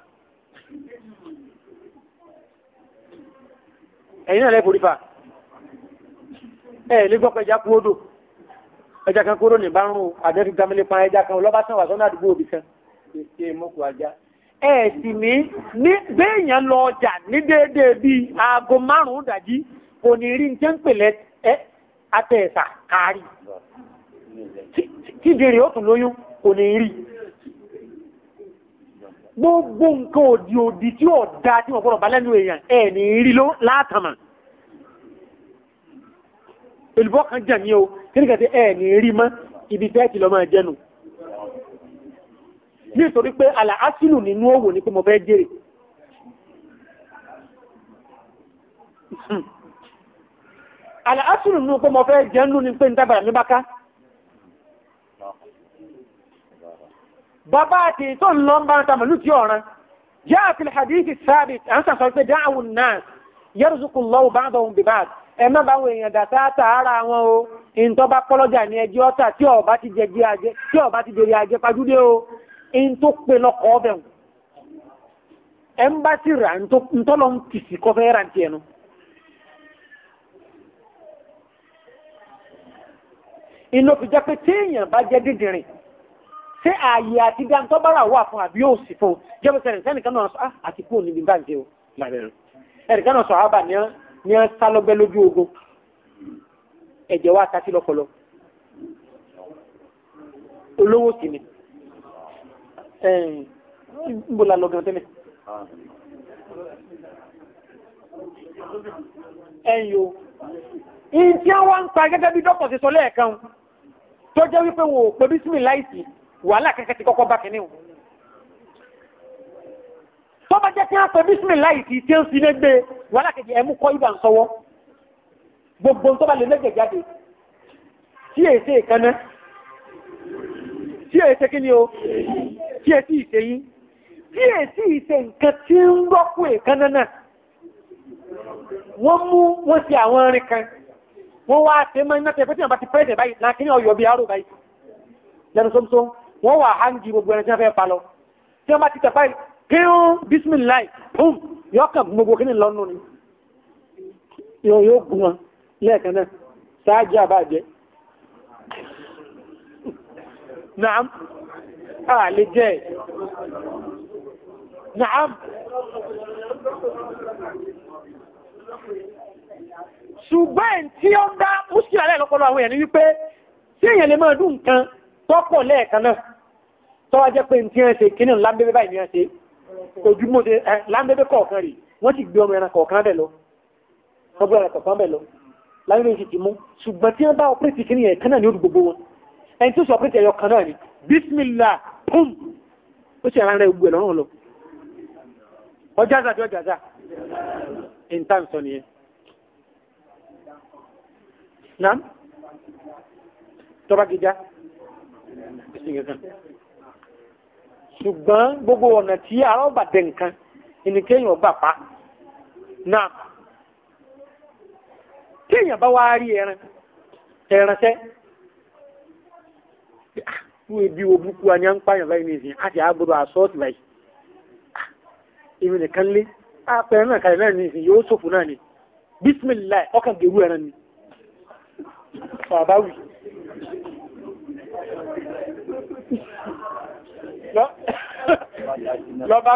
ẹ̀yin náà lẹ́kọ̀ọ́ rífà ẹ lè gbọ́ pé ẹja kú odò ẹja kan kúrò ní bárùn-ún àdẹ́rù gbàmílẹ̀ pa ẹja kan lọ́bàtàn wà sọ́nà àdúgbò òbí kan èsì èmọ́kù ajá ẹ̀sìn ní ní béèyàn lọ ọjà ní déédéé bíi aago márùn-ún dàjí kò ní rí njẹ́ ń pèlẹ́ ẹ atẹ̀ẹ̀sà kárí kíjèrè ó tún lóyún kò ní rí gbogbo nǹkan òdì òdì tí ó da tí wọ́n gbọ́dọ̀ bá lẹ́nu èèyàn ẹ̀ ní rí ló látàmà èlùbọ́ kan jẹ̀ ní o kí ni kàtí ẹ̀ ní rí mọ́ ibi tẹ́ẹ̀tì lọ́ jẹ́nu nítorí pé àlà ásìlù nínú òwò ni pé mo fẹ́ jèrè àlà ásìlù nínú pé mo fẹ́ jẹun ní pé nítàbàrà mi bá ká bàbá àti tó ń lọ ń bá ta màlúù tí ọ̀ràn جاء في الحديث الثابت أنت قلت دعوا الناس يرزق الله بعضهم ببعض ẹ̀mọ́ bá wọn èèyàn dàtà tààrà wọn o ìǹtọ́ bá pọ́lọ́jà ní ẹjọ́ ọ̀tà tí ọba ti jẹ̀rí ajé pajúdé o in tó pe lọ́kọ̀ ọbẹ̀ wọn ẹmbásí rà ntọ́lọ́ ń tìsí kọfẹ́ rà tiẹ̀ nu. iná fi jẹ́ pé téèyàn bá jẹ́ dídìrín ṣé ààyè àti bí àǹtọ́ bára wà fún àbí yóò sì fún jẹ́ bẹ́sẹ̀ rìn sẹ́nìkan náà sọ á ah, àti kúrò níbi bá ń ṣe o lábẹ́rẹ́ ẹnìkan náà sọ àbá ní ẹ sá lọ́gbẹ́ lójú ogun ẹ̀jẹ̀ wa ta sí lọ́pọlọ olówó sì ni ẹ̀yìn níbo la lọ gan tẹ́lẹ̀ ẹ̀yìn o ìyìn tí wọ́n ń pa gẹ́gẹ́ bí dókítà ti sọ lẹ́ẹ̀kan tó jẹ́ wípé wọn ò pé bísímìlá ìsì wàhálà kẹ́kẹ́ ti kọ́kọ́ bá kínní o tó bá jẹ́ kí wọ́n pè bísímìlá ìsì tí ó ń sinẹ́ gbé wàhálà kẹ́kẹ́ ẹ̀mú kọ́ ibà ń sọwọ́ gbogbo tó bá lè lẹ́gbẹ̀ẹ́ jáde tí èsè kan náà tí èsè kí ni o tí ẹ tí ì ṣe yín tí ẹ tí ì ṣe nǹkan tí ń rọ́pò èkánná náà wọ́n mú wọ́n ṣe àwọn irin kan wọ́n wá ṣe mọ́ iná tẹ tí wọ́n bá ti pẹ́ẹ́sẹ̀ báyìí náà hangi gbogbo ẹni tí wọ́n fẹ́ pa lọ tí wọ́n bá ti tẹ̀ báyìí kíún bisimilayi bùm yọ kàn gbogbo kí ni lọ́nù Naam a lè jẹ́ ẹ̀. Nàám. Ṣùgbọ́n tí ó ń dá Mùsùlùmí alẹ́ lọ́pọ̀lọpọ̀ àwọn èèyàn ni wípé tí èèyàn lè máa dùn nǹkan tọ́pọ̀ lẹ́ẹ̀kan náà tọ́wá jẹ́ pé tí wọ́n ṣe lámbébé báyìí ni wọ́n ṣe lámbébé kọ̀ọ̀kan rè wọ́n ti gbé ọmọ ẹran kọ̀ọ̀kan bẹ̀ lọ wọ́n ẹran kọ̀ọ̀kan bẹ̀ lọ láyé lóyún ti mú ṣùgbọ́n tí wọ́n bá ọpẹ́rẹ́tì kíní yẹn kan náà ni ó dùn wọn ẹni tó sọ ọpẹ́rẹ́tì ẹ̀yọ kan náà ni bismillah pum ó sì ara rẹ̀ gbogbo ẹ̀ lọ́rùn lọ ọjàza tí ọjàza intan sọ nìyẹn nam tọba gíga ṣùgbọ́n gbogbo ọ̀nà tí ara ọba dẹ̀ nǹkan ẹni kéèyàn ọgbà pa náà kéèyàn bá wá rí ẹran ẹran sẹ́ fún ibi obúkú wa ní à ń pààyàn báyìí ní ìsìn àti àgbọ̀dọ̀ àsọ́ọ̀tì báyìí ìwé ah, nìkan lé àpẹẹrẹ náà kalẹ̀ náà ní ìsìn yóò ṣòfò náà ni bísímìláì ọkàn gèrú ẹran ni bàbá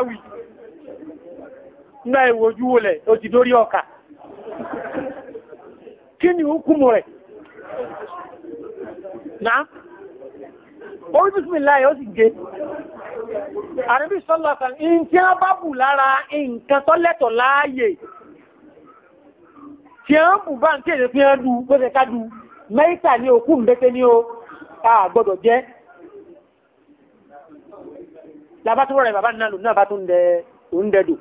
wì náà ìwòjú wọlẹ̀ ó ti dórí ọkà kí ni ó rẹ̀ náà orí bísmìlá yóò sì gé àríbí sọ́lọ́sàn in tí a bá bù lára nǹkan tọ́lẹ̀tọ̀ láàyè tí a ń bù bá ń kéde fi hàn du gbọ́sẹ̀ ká du mẹ́ta ní òkú mbẹ́tẹ́ ní o a gbọ́dọ̀ jẹ́ labatúrọ̀ rẹ̀ bàbá náà lò náà bá tún dẹ òun dẹdò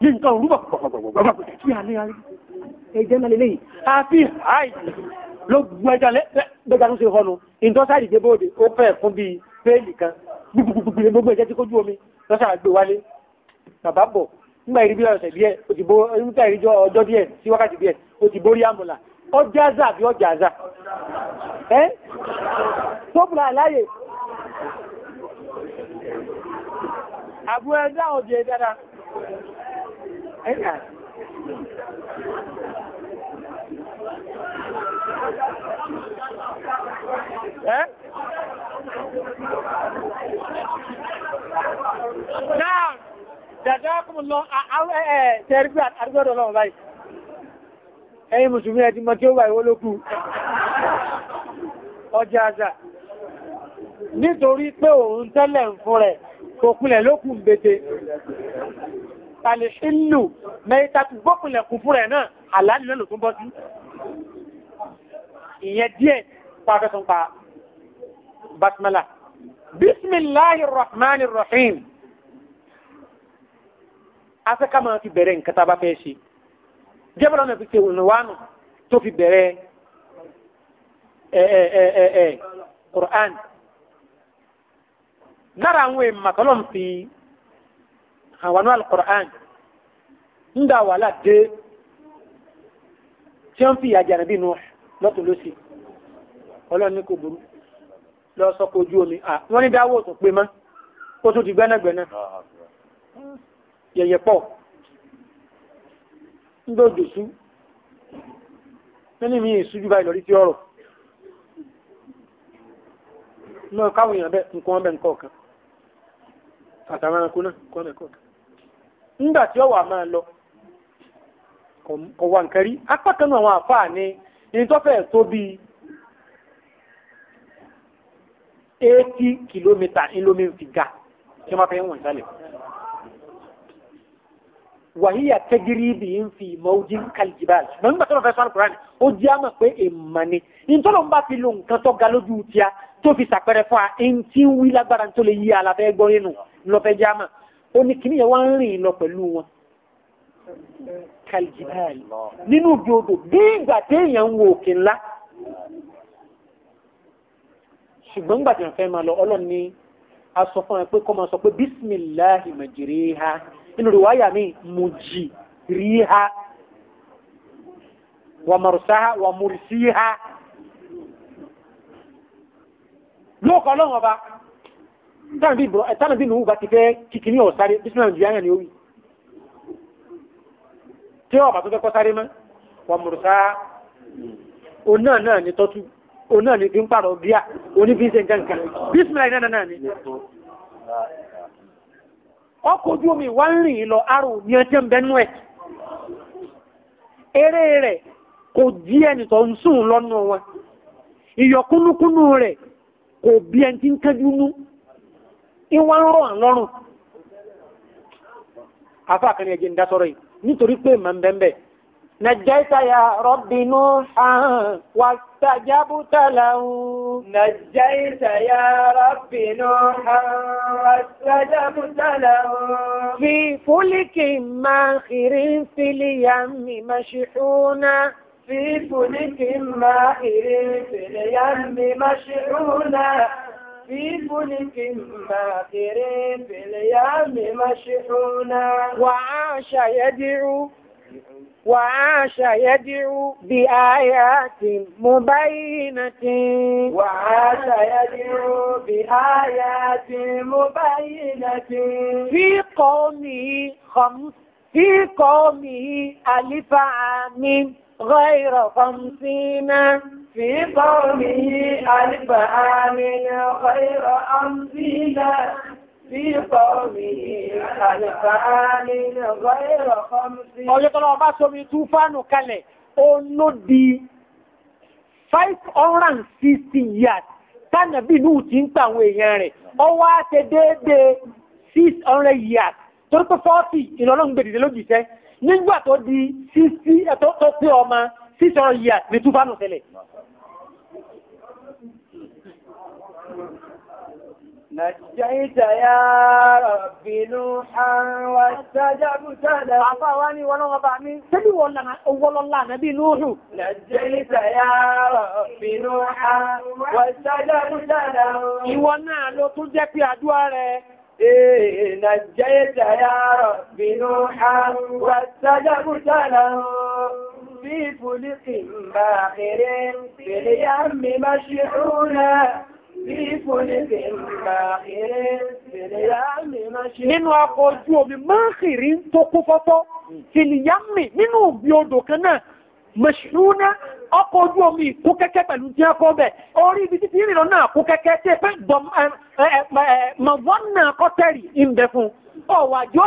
ní nǹkan òrùbọ̀ pọ̀pọ̀pọ̀pọ̀ ló gbẹ́jà lẹ́gbẹ́jà ló ṣe họnu ìtọ́sáàdì dé bóde ó fẹ́ fún bíi péèlì kan gbogbogbò gbogbo ẹ̀jẹ̀ tí kójú omi lọ́sà gbé wálé bàbá bọ̀ nígbà ìrìbí ọ̀sẹ̀ díẹ̀ òtìbó nígbà ìrìjọ ọjọ́ díẹ̀ sí wákàtí díẹ̀ òtìbó rí àmùlà ọjà àzà àbí ọjà àzà ẹ́ tó bùrà láàyè àbúrò ẹ̀dá òjò dáadáa ẹ́ náà dàdá kúmù lọ tẹ́rí pé àdúgbọ́dọ̀ lọ́wọ́ báyìí ẹ̀yin mùsùlùmí ẹ̀dí mọ́ kí ó wà ìwó lókù ọjà àjà nítorí pé òun tẹ́lẹ̀ ń fún rẹ̀ kò kúnlẹ̀ lókùn bètè alìṣílù mẹ́ta gbókùnlẹ̀kùn fún rẹ̀ náà àlànìlẹ́lò tó bọ́ sí ìyẹn díẹ̀ pàfẹ́ tún pa basmala bisimilahi rahman rahim ká máa fi bẹ̀rẹ̀ nǹkan tá fẹ́ ṣe jẹ́bọ̀lá náà fi ṣe ònùwánu tó fi bẹ̀rẹ̀ ẹ̀ẹ́ẹ̀ẹ́ẹ̀ Qur'an lára àwọn èèmà tọ́lọ̀ ń fi àwọn al-Qur'an ń wàhálà dé tí lọ́tún lọ́sì ọlọ́run ní kò burú lọ omi à wọ́n ní dáwọ́ tó pé mọ́ ó tún ti gbẹ́nàgbẹ́nà yẹ̀yẹ̀ pọ̀ ń dòdò sú nínú mi ìṣújú báyìí tí ọ̀rọ̀ náà káwọn èèyàn ọbẹ nǹkan ọ̀kan àtàwọn ẹranko náà nǹkan ọbẹ nígbà tí ọwọ́ a máa lọ kọ̀wà nǹkan rí apá kan náà ní ìtọ́fẹ́ tó bí eighty kìlómítà ìlómi fi ga kí wọ́n fẹ́ wọ̀n sálẹ̀. wàhíyà tẹ́gírí bí ń fi mọ́ọ́dí kàlìjìbáàlì ṣùgbọ́n nígbà tó lọ fẹ́ sọ́rọ̀ kúránì ó jẹ́ àmọ̀ pé èèmọ̀ ni ìtọ́lọ́ ń bá fi lo nǹkan tó ga lójú tíá tó fi sàpẹrẹ fún a ẹni tí ń wí lágbára tó lè yí alafẹ́ gbọ́ nínú lọ́fẹ́ jẹ́ àmọ̀ ó ní kíníyàn wá ń rìn lọ pẹ̀lú wọn kàlìjìbáàlì nínú ibi odò bí ìgbà téèyàn ń wo òkè ńlá ṣùgbọ́n nígbà tí wọ́n fẹ́ máa lọ ọlọ́run ní aṣọ fún ẹ pé kọ́ máa sọ pé bísímìláhì màjìríhà inú rẹ̀ wáyà mi mùjìríhà wàmọ̀rùsáhà wàmùrùsíhà lóòkọ̀ ọlọ́run ọba tánàbí nùhù bá ti fẹ́ kìkìrí ọ̀sáré bísímìláhì màjìríhà ni ó wí. tí ọba tó fẹ́ kọ́ sáré mọ́ wà mùrùsá náà náà ni tọ́tù náà ni fi ń pààrọ̀ bíà òní nǹkan kan náà náà ni. ọkọ̀ ojú omi wá ń rìn lọ arò ní ẹjẹ́ ń ẹ̀ eré rẹ̀ kò jí ẹni ń sùn lọ́nà wọn ìyọkúnnúkúnnú rẹ̀ kò bí ẹni tí ń rọ̀ lọ́rùn nítorí pé màá bẹ́ẹ̀ نجيت يا رب نوحا واستجبت له نجيت يا رب نوحا واستجبت له في فلك ماخر في اليم مشحونا في فلك ماخر في اليم مشحونا في ملك ماخر في اليام مشحونا وعاش يدعو وعاش يدعو بآيات مبينة وعاش يدعو بآيات مبينة في قومه خمس في قومه ألف عام غير خمسين في قومه ألف عام خير أم فينا في قومه ألف عام غير خمسين ọjọ́ tọ́lọ́ ọba sọmi túfánù kalẹ̀ ó ló di five hundred and sixty years tánàbí inú ti ń pa àwọn èèyàn rẹ̀ ó wá ṣe déédéé six hundred years torí pé forty ìrọ̀lọ́run gbèdìdè lójúṣẹ́ nígbà tó di sixty ẹ̀tọ́ tó pé ọmọ six hundred years ní túfánù tẹ́lẹ̀. نجيت يا رب نوحا واستجبت له عطا واني ولا غبا مين سبي ولا اول الله نبي نوح نجيت يا رب نوحا واستجبت له إيوانا لو ló tún jẹ́ pé àdúrà rẹ̀ نجيت يا ربي نوحا واستجبت له في فلق باخر في اليم مشحونا Nínú ọkọ̀ ojú omi máàkìrí ń tó kó fọ́fọ́, fìlìyàmì nínú òbí odò kan náà, mẹ̀ṣúná ọkọ̀ ojú omi kó kẹ́kẹ́ pẹ̀lú tí a kọ́ bẹ̀. Orí ibi títí ìrìnà náà kó kẹ́kẹ́ tí pẹ́ mọ̀wọ́n náà kọ́ tẹ̀rì ń bẹ fún. Ọwà jí ó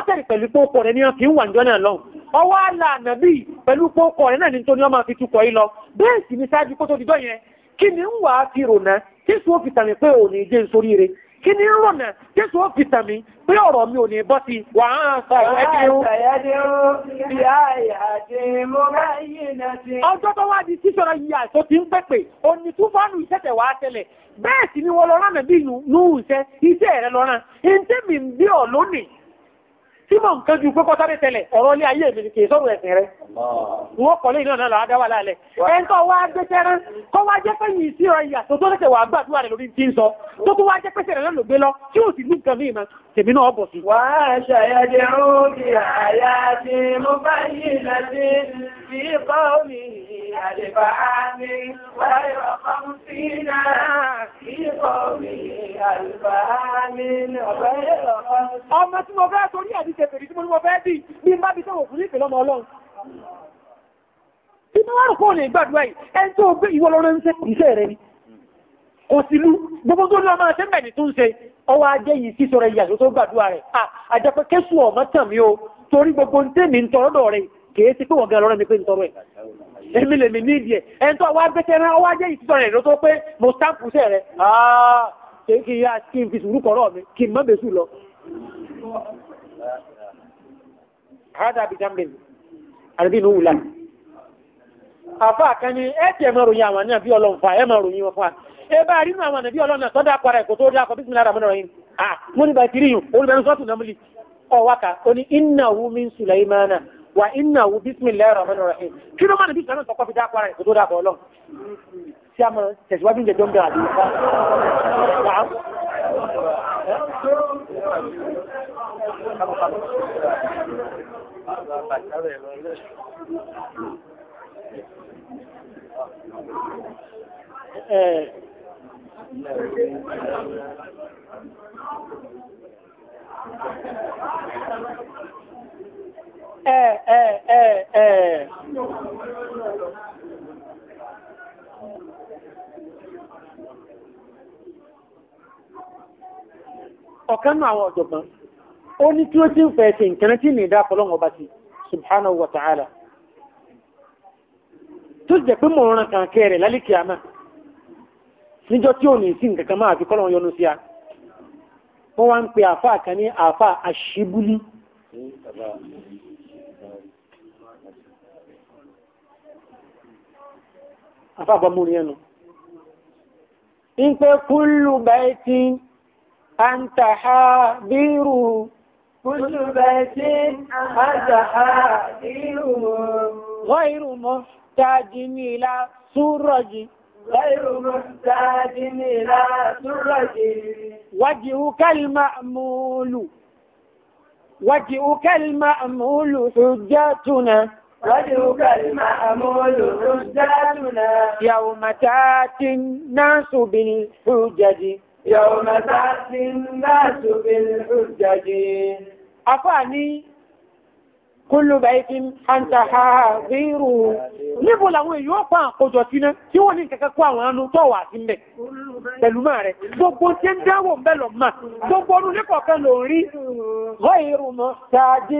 náà lọ. Ọwọ́ jésù ó fìtàmì pé òní jẹ́ sórí rẹ̀ kí ni ń rọ̀nà jésù ó fìtàmì pé ọ̀rọ̀ mi ò ní bọ́ sí wà á sọ ẹ̀dínrún. ọjọ́ tó wá di sísọ̀rọ̀ yìí àìsọ ti ń pèpè òní túfánù ìṣẹ̀tẹ̀ wá tẹ́lẹ̀ bẹ́ẹ̀ sì ni wọ́n lọ rán mi bí nù iṣẹ́ iṣẹ́ rẹ̀ lọ́rán ìṣẹ́ mi ń bí ọ̀ lónìí tí mọ̀ nǹkan ju pé kọ́sáré tẹ̀lẹ̀ ọ̀rọ̀ ilé ayé mi kì í ẹ̀sìn rẹ̀. wọ́n kọ́lé ìlú ọ̀nà làá dáwà lálẹ́. ẹ̀ńtọ́ wa gbé tẹ́rán kọ́ wá jẹ́ pé yìí sí ọ̀yà tó tó lẹ́sẹ̀ wà gbàdúrà rẹ̀ lórí ti ń sọ tó tó wá jẹ́ pé sẹ̀rẹ̀ náà lọ tí ò sì ní nǹkan mí ma tèmi ọmọ tí mo fẹ́ torí àdìs kẹfẹ̀rí tí mo ní mo fẹ́ bí bí n bá bí sọ̀rọ̀ fún ìpè lọ́mọ ọlọ́run. Ibi wọ́n rò kó lè gbàdúrà yìí, ẹni tó gbé ìwọ lọ́rọ́ ń ṣe iṣẹ́ rẹ ni. Kò sí lú, gbogbo tó lọ́mọ ṣe mẹ́ni tó ń ṣe, ọwọ́ ajé yìí sí sọ̀rọ̀ ìyàtọ̀ tó gbàdúrà rẹ̀. À àjẹpẹ késù ọ̀mọ́ tàn mí o, torí gbogbo ń tẹ̀mí ń tọrọ́dọ̀ rẹ̀ kìí ti pé wọ́n gan lọ́rọ̀ mi pé ń tọrọ ẹ̀. Èmi lèmi ní ìdí ẹ̀. Ẹni tó wá gbẹ́sẹ̀ rán ọwọ́ ajé ìtìtọ́ rẹ̀ ló tó pé mo sáǹpù sẹ́ rẹ̀ hádà bí jamlin àbí inú wùlá àfa kan ní ẹ jẹ mọ ròyìn àwọn ànábì Ọlọ́run fa ẹ mọ ròyìn wọn fa ẹ bá rí nù àwọn ànábì Ọlọ́run náà tó dá para ẹkọ tó dá akọ bísí lára mọ ròyìn à mo ní bàtírì yìí olùbẹ̀rù sọ́ọ̀tù náà múlì ọ̀wáka ó ní innahu min sulaimana wa innahu bismillahir rahmanir rahim kí ló má níbi ìtàn náà tọkọ fi dá para ẹkọ tó dá akọ Ọlọ́run tí a máa tẹ̀síwájú ń jẹjọ́ ń bẹ àbí Thank you. Ee, ee, ee, ee. Ọ̀kan náà àwọn ọ̀jọ̀gbọ́n. ó ní tí ó ti ń fẹ́ ṣe nǹkan tí ní ìdápọ̀ lọ́wọ́ bá ti subhanahu wa ta'ala tó jẹ́ pé mọ̀ ọ̀ràn kan kẹrẹ̀ lálẹ́kẹ̀ẹ́ àmà níjọ́ tí ò ní sí nǹkan kan máa fi kọ́lọ̀ yọnu sí a wọ́n wá ń pe àfa kan ní àfa àṣíbúlí àfa àbámúrin ẹnu ń pé kúlù báyìí tí a ń tàhá bírù كل بيت هذا حائلهم غير محتاج إلى سرج غير محتاج إلى سرج وجهك المأمول وجهك المأمول حجتنا وجهك المأمول حجتنا يوم تأتي الناس بالحجج يوم تأتي الناس بالحجج أفاني kúlù bàíkín àǹtàhàbírù níbo làwọn èèyàn ọ̀pá àkójọ sí náà tí wọ́n ní kẹ́kẹ́ kó àwọn anú tó wà sí mẹ́ pẹ̀lú máa rẹ̀ gbogbo tí ń dáwò mẹ́lọ̀ máa gbogbo ọdún nípọ̀kẹ́ lò rí gọ́ ìrùmọ̀ ṣáájí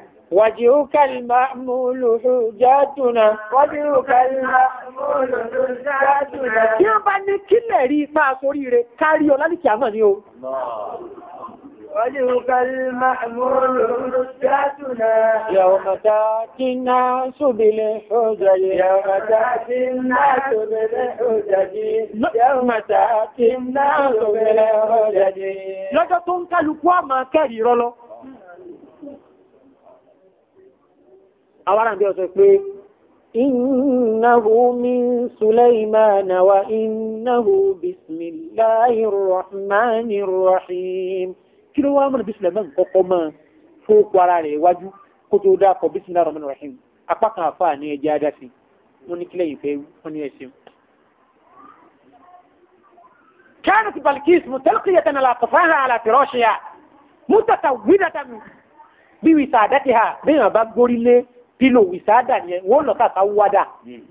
وجهك المأمول حجاتنا وجهك المأمول حجاتنا tí ó bá ní kílẹ̀ rí máa sórí rẹ̀ kárí ọlá ní kìámọ̀ ni o. وجهك المأمول حجاتنا يوم تأتي الناس بالحجج يوم تأتي الناس بالحجج يوم تأتي الناس بالحجج lọ́jọ́ tó ń kálukú àmà awara bí ó sọ pé innahu min sulaimana wa innahu bismillahi rahmani rahim kí ló wá mọ̀nà bísílẹ̀ mọ́ kọ́kọ́ mọ́ fún okùn ara rẹ̀ iwájú kó tó dáa kọ bismillahi rahmani rahim apá kan àfa ní ẹjẹ́ ajá sí wọn ní kílẹ̀ ìfẹ́ wọn ní ẹ̀sìn. كانت بلقيس متلقية على قفاها على فراشها متسودة بوسادتها بما بقول الله pílò wìsáàdà yẹn wọ́n lọ kàkà wádà. Hmm.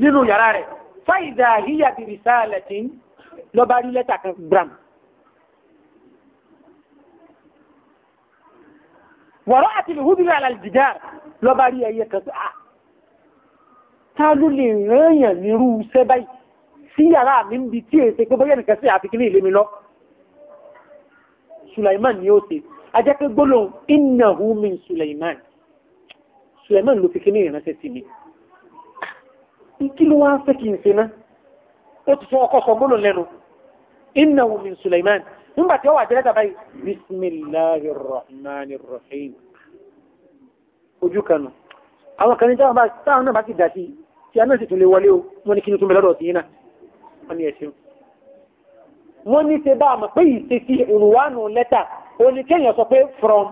nínú yàrá rẹ̀ fáìdà híyà bìbì sáàlẹ̀ tí lọ́ba rí lẹ́tà kan gram. wọ̀rọ̀ àti ìhúbìrì àlàlìjìdá lọ́ba rí ẹyẹ kan tó ta ló lè rán èèyàn nírú iṣẹ́ sí yàrá mi ń bi tí èsè pé bóyá nìkan sí àfikún ilé lọ. Sulaiman ni ó ṣe ajẹ́ pé gbólóhùn innahu min Sulaiman Sulaiman ló fi kí ní ìránṣẹ́ sí mi kí ló wá fẹ́ kí n ṣe ná ó ti sọ ọkọ̀ sọ gbólóhùn lẹ́nu innahu min Sulaiman nígbà tí ó wà jẹ́rẹ́ta báyìí bisimilahi rahmani rahim ojú kanu àwọn kan ní táwọn náà bá ti dà sí tí a náà sì tún lè wọlé o wọ́n ní kí ni tún bẹ lọ́dọ̀ sí yín náà wọ́n ní ẹ̀sìn wọ́n ní ṣe bá àmọ̀ pé ìṣesí òrùwánù lẹ́tà oníkéèyàn sọ pé from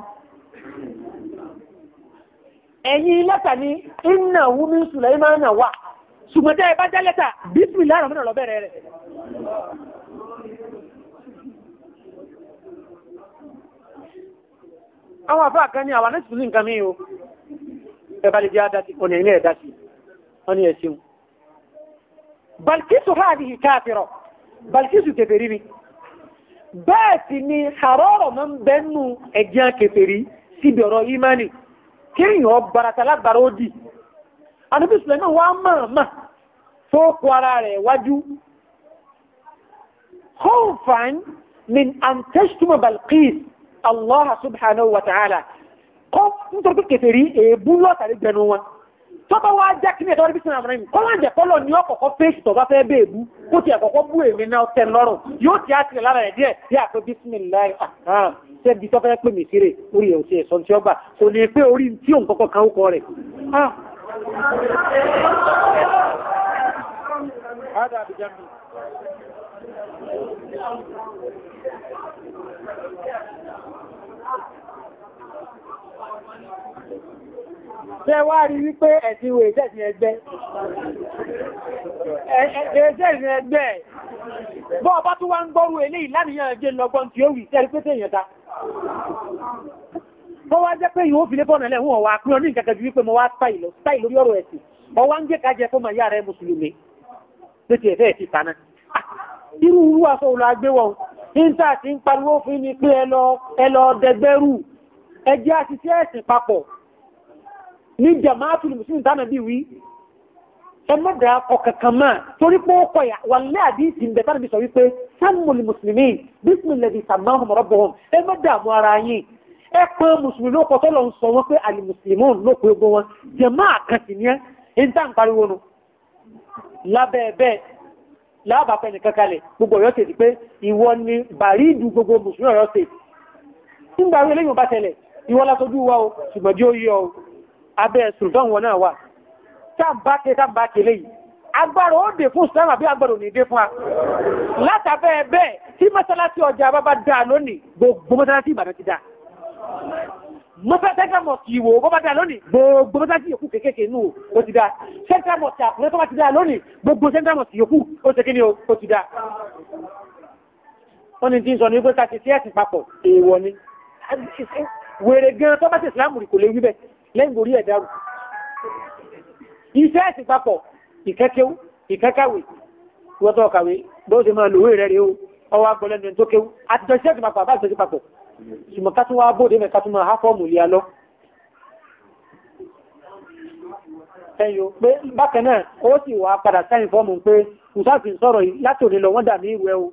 ẹ̀yin lẹ́tà ni iná wúmi sùlẹ̀ yìí máa ń nà wá ṣùgbọ́n tẹ́ ẹ bá já lẹ́tà bísí láàrọ̀ mìíràn lọ bẹ̀rẹ̀ rẹ̀. àwọn àfáà kan ní àwọn anẹ́sìtì nǹkan mìíràn o ẹ jẹ́ àdásí ọ̀nà ilé ẹ̀dásí wọ́n ní ẹ̀sìn. balkisu hadihi kafiro. Balkisu kèfèrí ni bẹ́ẹ̀ sì ni àrọ́rọ̀ máa ń bẹ́nu ẹ̀jẹ̀ kèfèrí síbi ọ̀rọ̀ ìmánì kéèyàn baratala bara ó dì àdúgbò ìsìlẹ̀ náà wá mọ̀ọ́mọ̀ tó kó ara rẹ̀ wájú خوفا من أن تشتم بلقيس الله سبحانه وتعالى قف انتظر كثيري ابو الله تعالى جنوان tọ́ba wá já kí ni ẹ̀dọ́ ibi sinmi àmọ́ ẹ̀mí kọ́lá jẹ́ kọ́lọ̀ ní ọ̀kọ̀kọ́ fèsì tọ́ba fẹ́ bẹ́ẹ̀ bú kó tiẹ̀ kọ́kọ́ bú èmi náà tẹ̀ lọ́rùn yóò ti á tilẹ̀ lára ẹ̀ díẹ̀ bí àpé bisimilayi ahàn ṣé bí tọ́ba pè mí kéré orí ẹ̀ òsì ẹ̀sọ́ tí ó gbà kò ní pé orí tí òun kọ́kọ́ kan ó kọ rẹ̀. Thank ah. you. Ṣé wá rí wípé ẹ̀sìn ìwé ìṣẹ́sìn ẹgbẹ́? Ẹ̀ṣẹ́sìn ẹgbẹ́ bọ́ ọba tó wá ń gbọ́rú ilé ìlànìyàn ẹgbẹ́ lọ́gbọ́n tí ó wì tẹ́rí pé tèèyàn ta. Tó wá jẹ́ pé ìwó fìlé bọ́ọ̀nà lẹ́hùn ọ̀wà pín ọ ní ìkẹ́kẹ́ ju wípé mo wá táì lórí ọ̀rọ̀ ẹ̀sìn. Mo wá ń gbé kájẹ fún màyá rẹ̀ Mùsùlùmí. Ló ti ẹ̀fẹ́ ti tàná. Irú irú aṣọ òun la gbé wọn. Níta ti ń pariwo fún ni pé ẹ lọ dẹgbẹ́rù. Ẹ jẹ́ àṣìṣe ẹ̀sìn papọ̀. Ni jamaatu muslim tánà bí wí ẹ má dàá kọ kankan mọ́ torí pé ó kọ yà wàlẹ́ àdìsí ń bẹ tánà bí sọ wípé sàmúlì mùsùlùmí bísímìlẹ́dì sàmáhùn rọ́bùhùn ẹ má dààmú ara yín ẹ pé mùsùlùmí ló kọtọ́ lọ sọ wọn pé àlè mùsùlùmí ló pé gbogbo wọn jàmáà kan sì ní ẹ ń tà ń pariwo nu lábẹ́ bẹ́ẹ̀ láàbà pẹ́ nìkan kalẹ̀ gbogbo ọ̀yọ́ tètè pé ìwọ ni bàríìdù gbogbo mùsùlùmí ọ̀yọ́ tètè ń gbàrú eléyìí ò bá ìwọ lásọjú wa o ṣùgbọ́n bí ó ọ abẹ́ sultan wọn náà wà tábàkì tábàkì lẹ́yìn agbára ó dè fún islam àbí agbára ò ní dé fún wa látàbẹ́ bẹ́ẹ̀ tí mọ́sálásí ọjà bàbá dà lónìí gbogbo mọ́sálásí ìbàdàn ti dà mọ́sálásí ìwò bàbá dà lónìí gbogbo mọ́sálásí yòókù kéékèèké inú ó ti dà sẹ́ńtàmọ̀sì àkùrẹ́ tó bá ti dà lónìí gbogbo sẹ́ńtàmọ̀sì yòókù ó ti kíni ó ti dà wọ́n ni tí ń sọ ní pé ti sí ẹ̀sìn papọ̀ èèwọ̀ ni wèrè gan tó bá ti islam rí kò lè wí lẹ́yìn orí ẹ̀ dárò iṣẹ́ ẹ̀sìn papọ̀ ìkẹ́kéwú ìkẹ́kàwé wọ́tọ̀ kàwé bó ṣe máa lòwé rẹ̀ rẹ̀ o ọwọ́ agbọ́lẹ́nu tó kéwú àtijọ́ iṣẹ́ ẹ̀sìn papọ̀ àbájọ́ sí papọ̀ ṣùgbọ́n ká tún wá bóde mẹ́ka tún máa há fọ́ọ̀mù lé alọ́ ẹ̀yìn pé bákan náà ó sì wá padà sáyìn fọ́ọ̀mù pé sọ̀rọ̀ o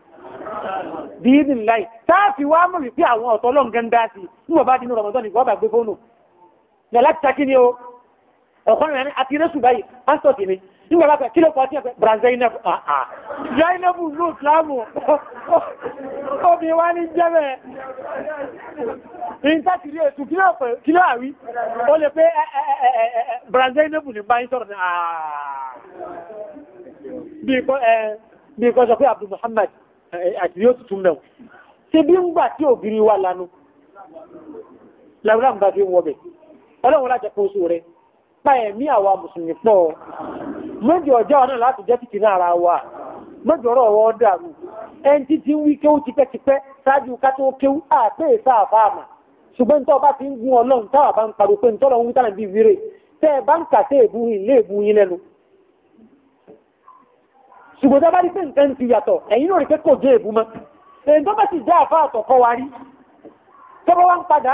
bíbí ńlá yìí táàfì wá mọ̀ wípé àwọn ọ̀tọ̀ ọlọ́ngàn dá sí ní bàbá dínú rọmọdọ́nì ìwọ́ bàgbé fóònù ní alátakí ni o ọ̀kan rẹ̀ ní àti rẹ́sù báyìí pásítọ̀ tèmi ní bàbá pẹ̀ kí ló kọ́ sí ẹ̀pẹ́ brazainab àà ah, ah. zainab ló ìsìlámù omi wá ní jẹ́mẹ̀ ìntàkìrí ètù kí ló àwí ó lè pé brazainab ní báyìí sọ̀rọ̀ ní àà ah. bí kọ́ sọ pé abdul muhammad àti yóò tuntun náà ṣe bí ń gbà tí ògiri wà lanu làwọn bá fi ń wọbẹ̀ ọlọ́run láti kó oṣù rẹ̀ pa ẹ̀mí àwa mùsùlùmí pọ̀ mọ́jọ ọjọ́ náà láti jẹ́ títí náà ara wa mọ́jọ ọ̀rọ̀ ọwọ́ dàrú ẹni títí ń wí kéwú tipẹ́tipẹ́ ṣáájú ká tó kéwú àpé ìsáàfà àmà ṣùgbọ́n ní tọ́ba ti ń gún ọlọ́run táwa bá ń pariwo pé ní tọ́lọ́run wí tánà ṣùgbọ́n tó bá rí pé nǹkan ti yàtọ̀ ẹ̀yìn náà rí pé kò jẹ́ èbú mọ́ èyí tó bá ti já àfá àtọ̀kọ́ wa rí tó bá wá ń padà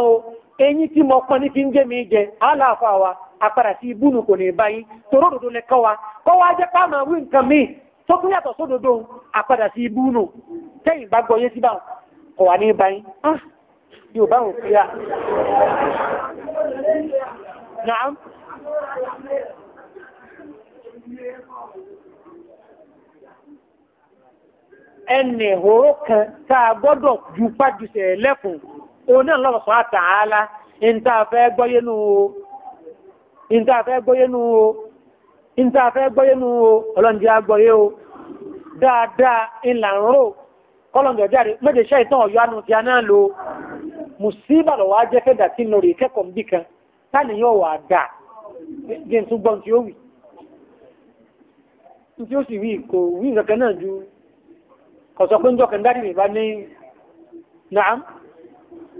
o ẹ̀yìn tí mo pọn ní kí ń jẹ́ mi jẹ aláàfà wa apàdà sí ibùnú kò ní báyìí tòró òdodo lẹ kọ́ ẹnì ìhòòrò kan tá a gbọ́dọ̀ ju pàjùsẹ̀ lẹ́kùn òun náà àtàhálà fẹ́ gbọ́yé nu o fẹ́ nu o ọlọ́njẹ́ agbọ́yé o dáadáa ńlá ń rò kọ́lọ̀njọ́ jáde méje ṣe ìtàn ọ̀yọ́ ti aná lo lórí kan táníyàn wà dà tí ó kọ̀sọ̀ pé ń jọ kẹ̀ndá nìyí bá ní naam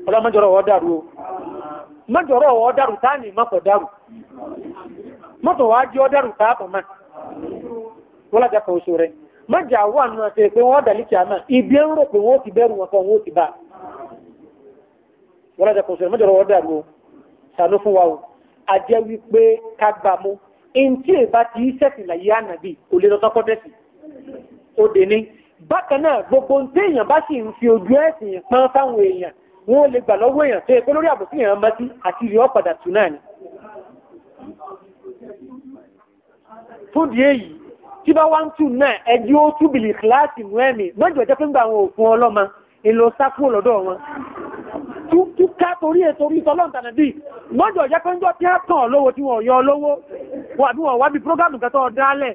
ọlọ́ mọ́jọ́rọ̀ wọ́ dàrú o mọ́jọ́rọ̀ wọ́ dàrú tá ní mọ́tò dàrú mọ́tò wá jí ọ́ dàrú tá tọ̀ mọ́ wọ́n lájà kan oṣù rẹ̀ mọ́jà wà nù àti pé wọ́n dàlí kìá náà ibi ń rò pé wọ́n ti bẹ̀rù wọn kan wọ́n ti bá ní bákan náà gbogbo tí èèyàn bá sì ń fi ojú ẹ̀sìn pán fáwọn èèyàn wọn lè gbà lọ́wọ́ èèyàn tó yẹ pé lórí àbòsí èèyàn mọ́tí àti ìrì ọ̀padà tù náà ni. fúndì èyí tí bá wá ń tù náà ẹjí ó tú bìlì kíláàsì mú ẹ̀mí mọ́jọ jẹ́ pé ń gba àwọn òfin ọlọ́mọ èlò sákúrò lọ́dọ̀ wọn. túká torí ètò orí ìtọ́lọ́ ìtànàbí mọ́jọ jẹ́ pé ń jọ tí wọ́n kàn lówó tí wọ́n yọ lówó wà bí wọ́n wá bí prógámù kẹtọ́ dálẹ̀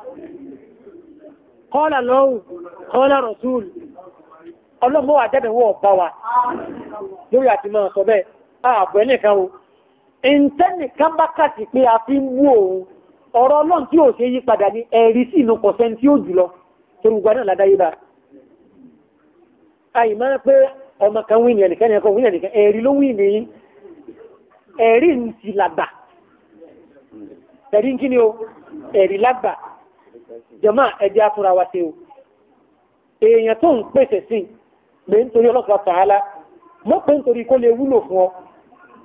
kọ́lá lọ́wọ́ kọ́lá rọ̀súùlù ọlọ́gbọ́n wà wa lórí àti máa sọ bẹ́ẹ̀ ààbò o ìǹtẹ́nìkan bá kàtì pé a fi ń mú òun ọ̀rọ̀ ọlọ́n tí ò ṣe yí padà ní ẹ̀rí sí inú tí ó jùlọ pé ọmọ kan wí ní ẹnìkan ẹnìkan wí ní ẹnìkan ẹ̀rí ló wí ní ẹ̀rí ń ti làgbà ẹ̀rí ń kí ni jama ẹjẹ́ afúra wa ṣe o èèyàn tó ń pèsè sí pé nítorí ọlọ́pàá tààlà mọ́ pé nítorí kó lè wúlò fún ọ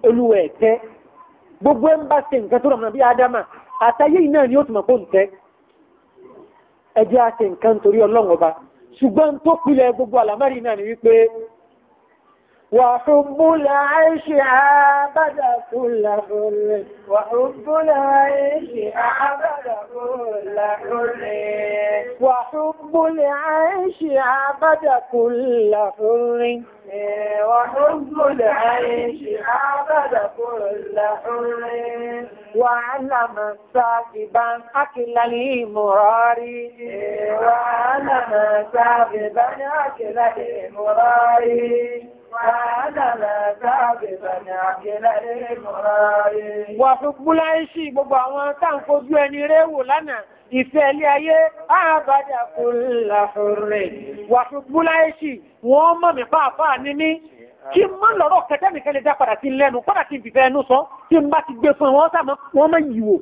gbogbo ẹ̀ ṣe nǹkan tó rọ̀mọ́ bí ádámà àtàyè yìí ni ó tún mọ̀ pé òǹtẹ́ ẹjẹ́ a ṣe nǹkan nítorí ọlọ́run ṣùgbọ́n gbogbo náà ni وحب العيش عابد كل حر وحب العيش عابد كل حر وحب العيش عابد كل حر وحب العيش عابد كل حر وعلم الساكبا أكل لي مراري وعلم الساكبا أكل لي مراري Wà fúgbú láyé sí gbogbo àwọn táǹkojú ẹni réwò lánàá, ìfẹ́ ilé ayé, àbájá kò láhùrẹ̀. Wà fúgbú láyé sí, wọ́n mọ̀ mí pàápàá ní mí, kí mọ́ lọ́rọ̀ kẹtẹ́nìkẹ́ lè dá padà sí lẹ́nu, padà sí ìfẹ́ ẹnu sọ, tí ń bá ti gbé fún wọn, wọ́n mọ̀ yìí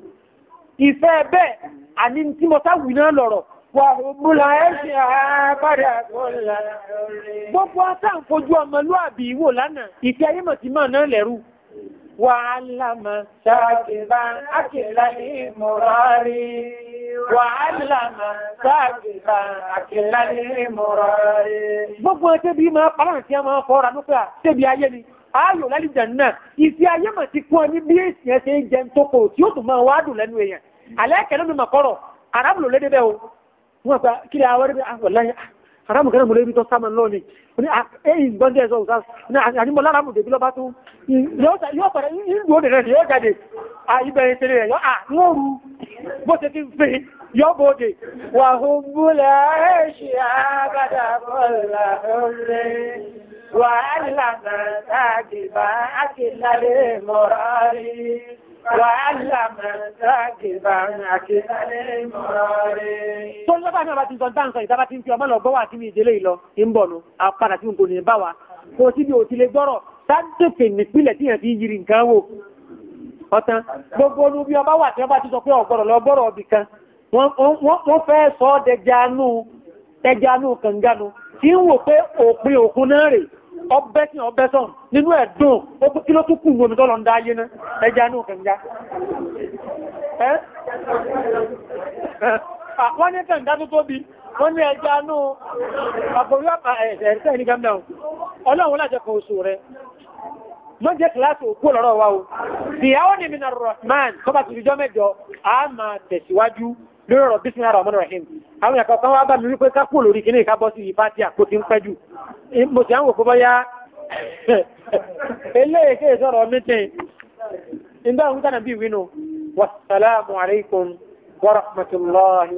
Wàhùbúlà ẹ́ṣìn àbádà kọ́lá. Gbogbo ọ́tá ń fojú ọmọlúàbí wò lánàá, ìfẹ́ ayé mọ̀ sí máa náà lẹ́rù. Wàhálàmà ṣàkìbá àkìlá ní mọ̀rárí. Wàhálàmà ṣàkìbá àkìlá ní mọ̀rárí. Gbogbo ọ́tá bí máa pàràǹtí a máa fọ́ra nípa tẹ́bi ayé ni. Ayò lálìjẹ̀ náà, ìfẹ́ ayé mọ̀ ti kún ọ ní bí èsì ẹ̀ ṣe ń jẹun tí ó tún máa wádùn lẹ́nu èèyàn. Àlẹ́ wọ́n pa kí ni àwọn ẹ̀rí ah, ah, haramu kẹrẹ mọ̀lẹ́bí tó sáàmà náà ni ní ẹ̀yìn ah, eh, gbọ́ndé ẹ̀zọ́ òsà ní ànímọ̀ láràmù dèbí lọ́bá tó yóò pẹ̀rẹ̀ ìlú òdè rẹ̀ yóò jáde ibẹ̀ ìtẹ̀lẹ̀ rẹ̀ yóò àmúrù bó ṣe ti fi yóò bóde wà hùmbúlẹ̀ ẹ̀ṣì àgàdà bọ́ọ̀lá ọ̀rẹ́ wà á nílànà àgbà àti ìlàlẹ̀ mọ̀rárí Tó lọ́bàá náà bá ti sọ dáǹsọ ìtàbá ti ń fi ọmọ lọ gbọ́wà tí mi ìdílé ìlọ ń bọ̀ nù, àpadà tí kò ní bá wa. Kò síbi ò ti lè gbọ́rọ̀, sáàdùkè nípìnlẹ̀ tí yẹn fi yiri nǹkan wò. Ọ̀tán, gbogbo olú bí ọba wà tí wọ́n bá ti sọ pé ọ̀gbọ̀rọ̀ lọ gbọ́rọ̀ ọbì kan. Wọ́n fẹ́ sọ ọ́ dẹjanú kànganu, tí ń wò pé òpin òkun náà rèé ọbẹ́ sí ọbẹ́ sọ́n nínú ẹ̀dùn ó kí ló tún kù ní omi tọ́lọ ń dá ayé náà ẹja ní òkèǹgá wọ́n ní kẹ̀ǹdá tó tóbi wọ́n ní ẹja ní àpòrí ẹ̀ẹ̀sẹ̀ ní gẹ́mdà ọlọ́run lájẹ́ kan oṣù rẹ̀ wọ́n jẹ́ kìláàsì òkú lọ́rọ̀ wa o ìyàwó ni mi nà rọ̀ man tó bá ti rí jọ́ mẹ́jọ a máa tẹ̀síwájú lórí ọ̀rọ̀ bísí ara ọmọdé rahim àwọn ìyàkọ̀ kan wá bá mi wípé kápò lórí kíní ìka bọ́ sí ìfàtí àpò tí ń pẹ́ jù mo sì ń wò pé bọ́yá eléyèké ìsọ̀rọ̀ mítìn ìgbà òun tánà bí ìwínú wasalaamu alaykum wa rahmatulahi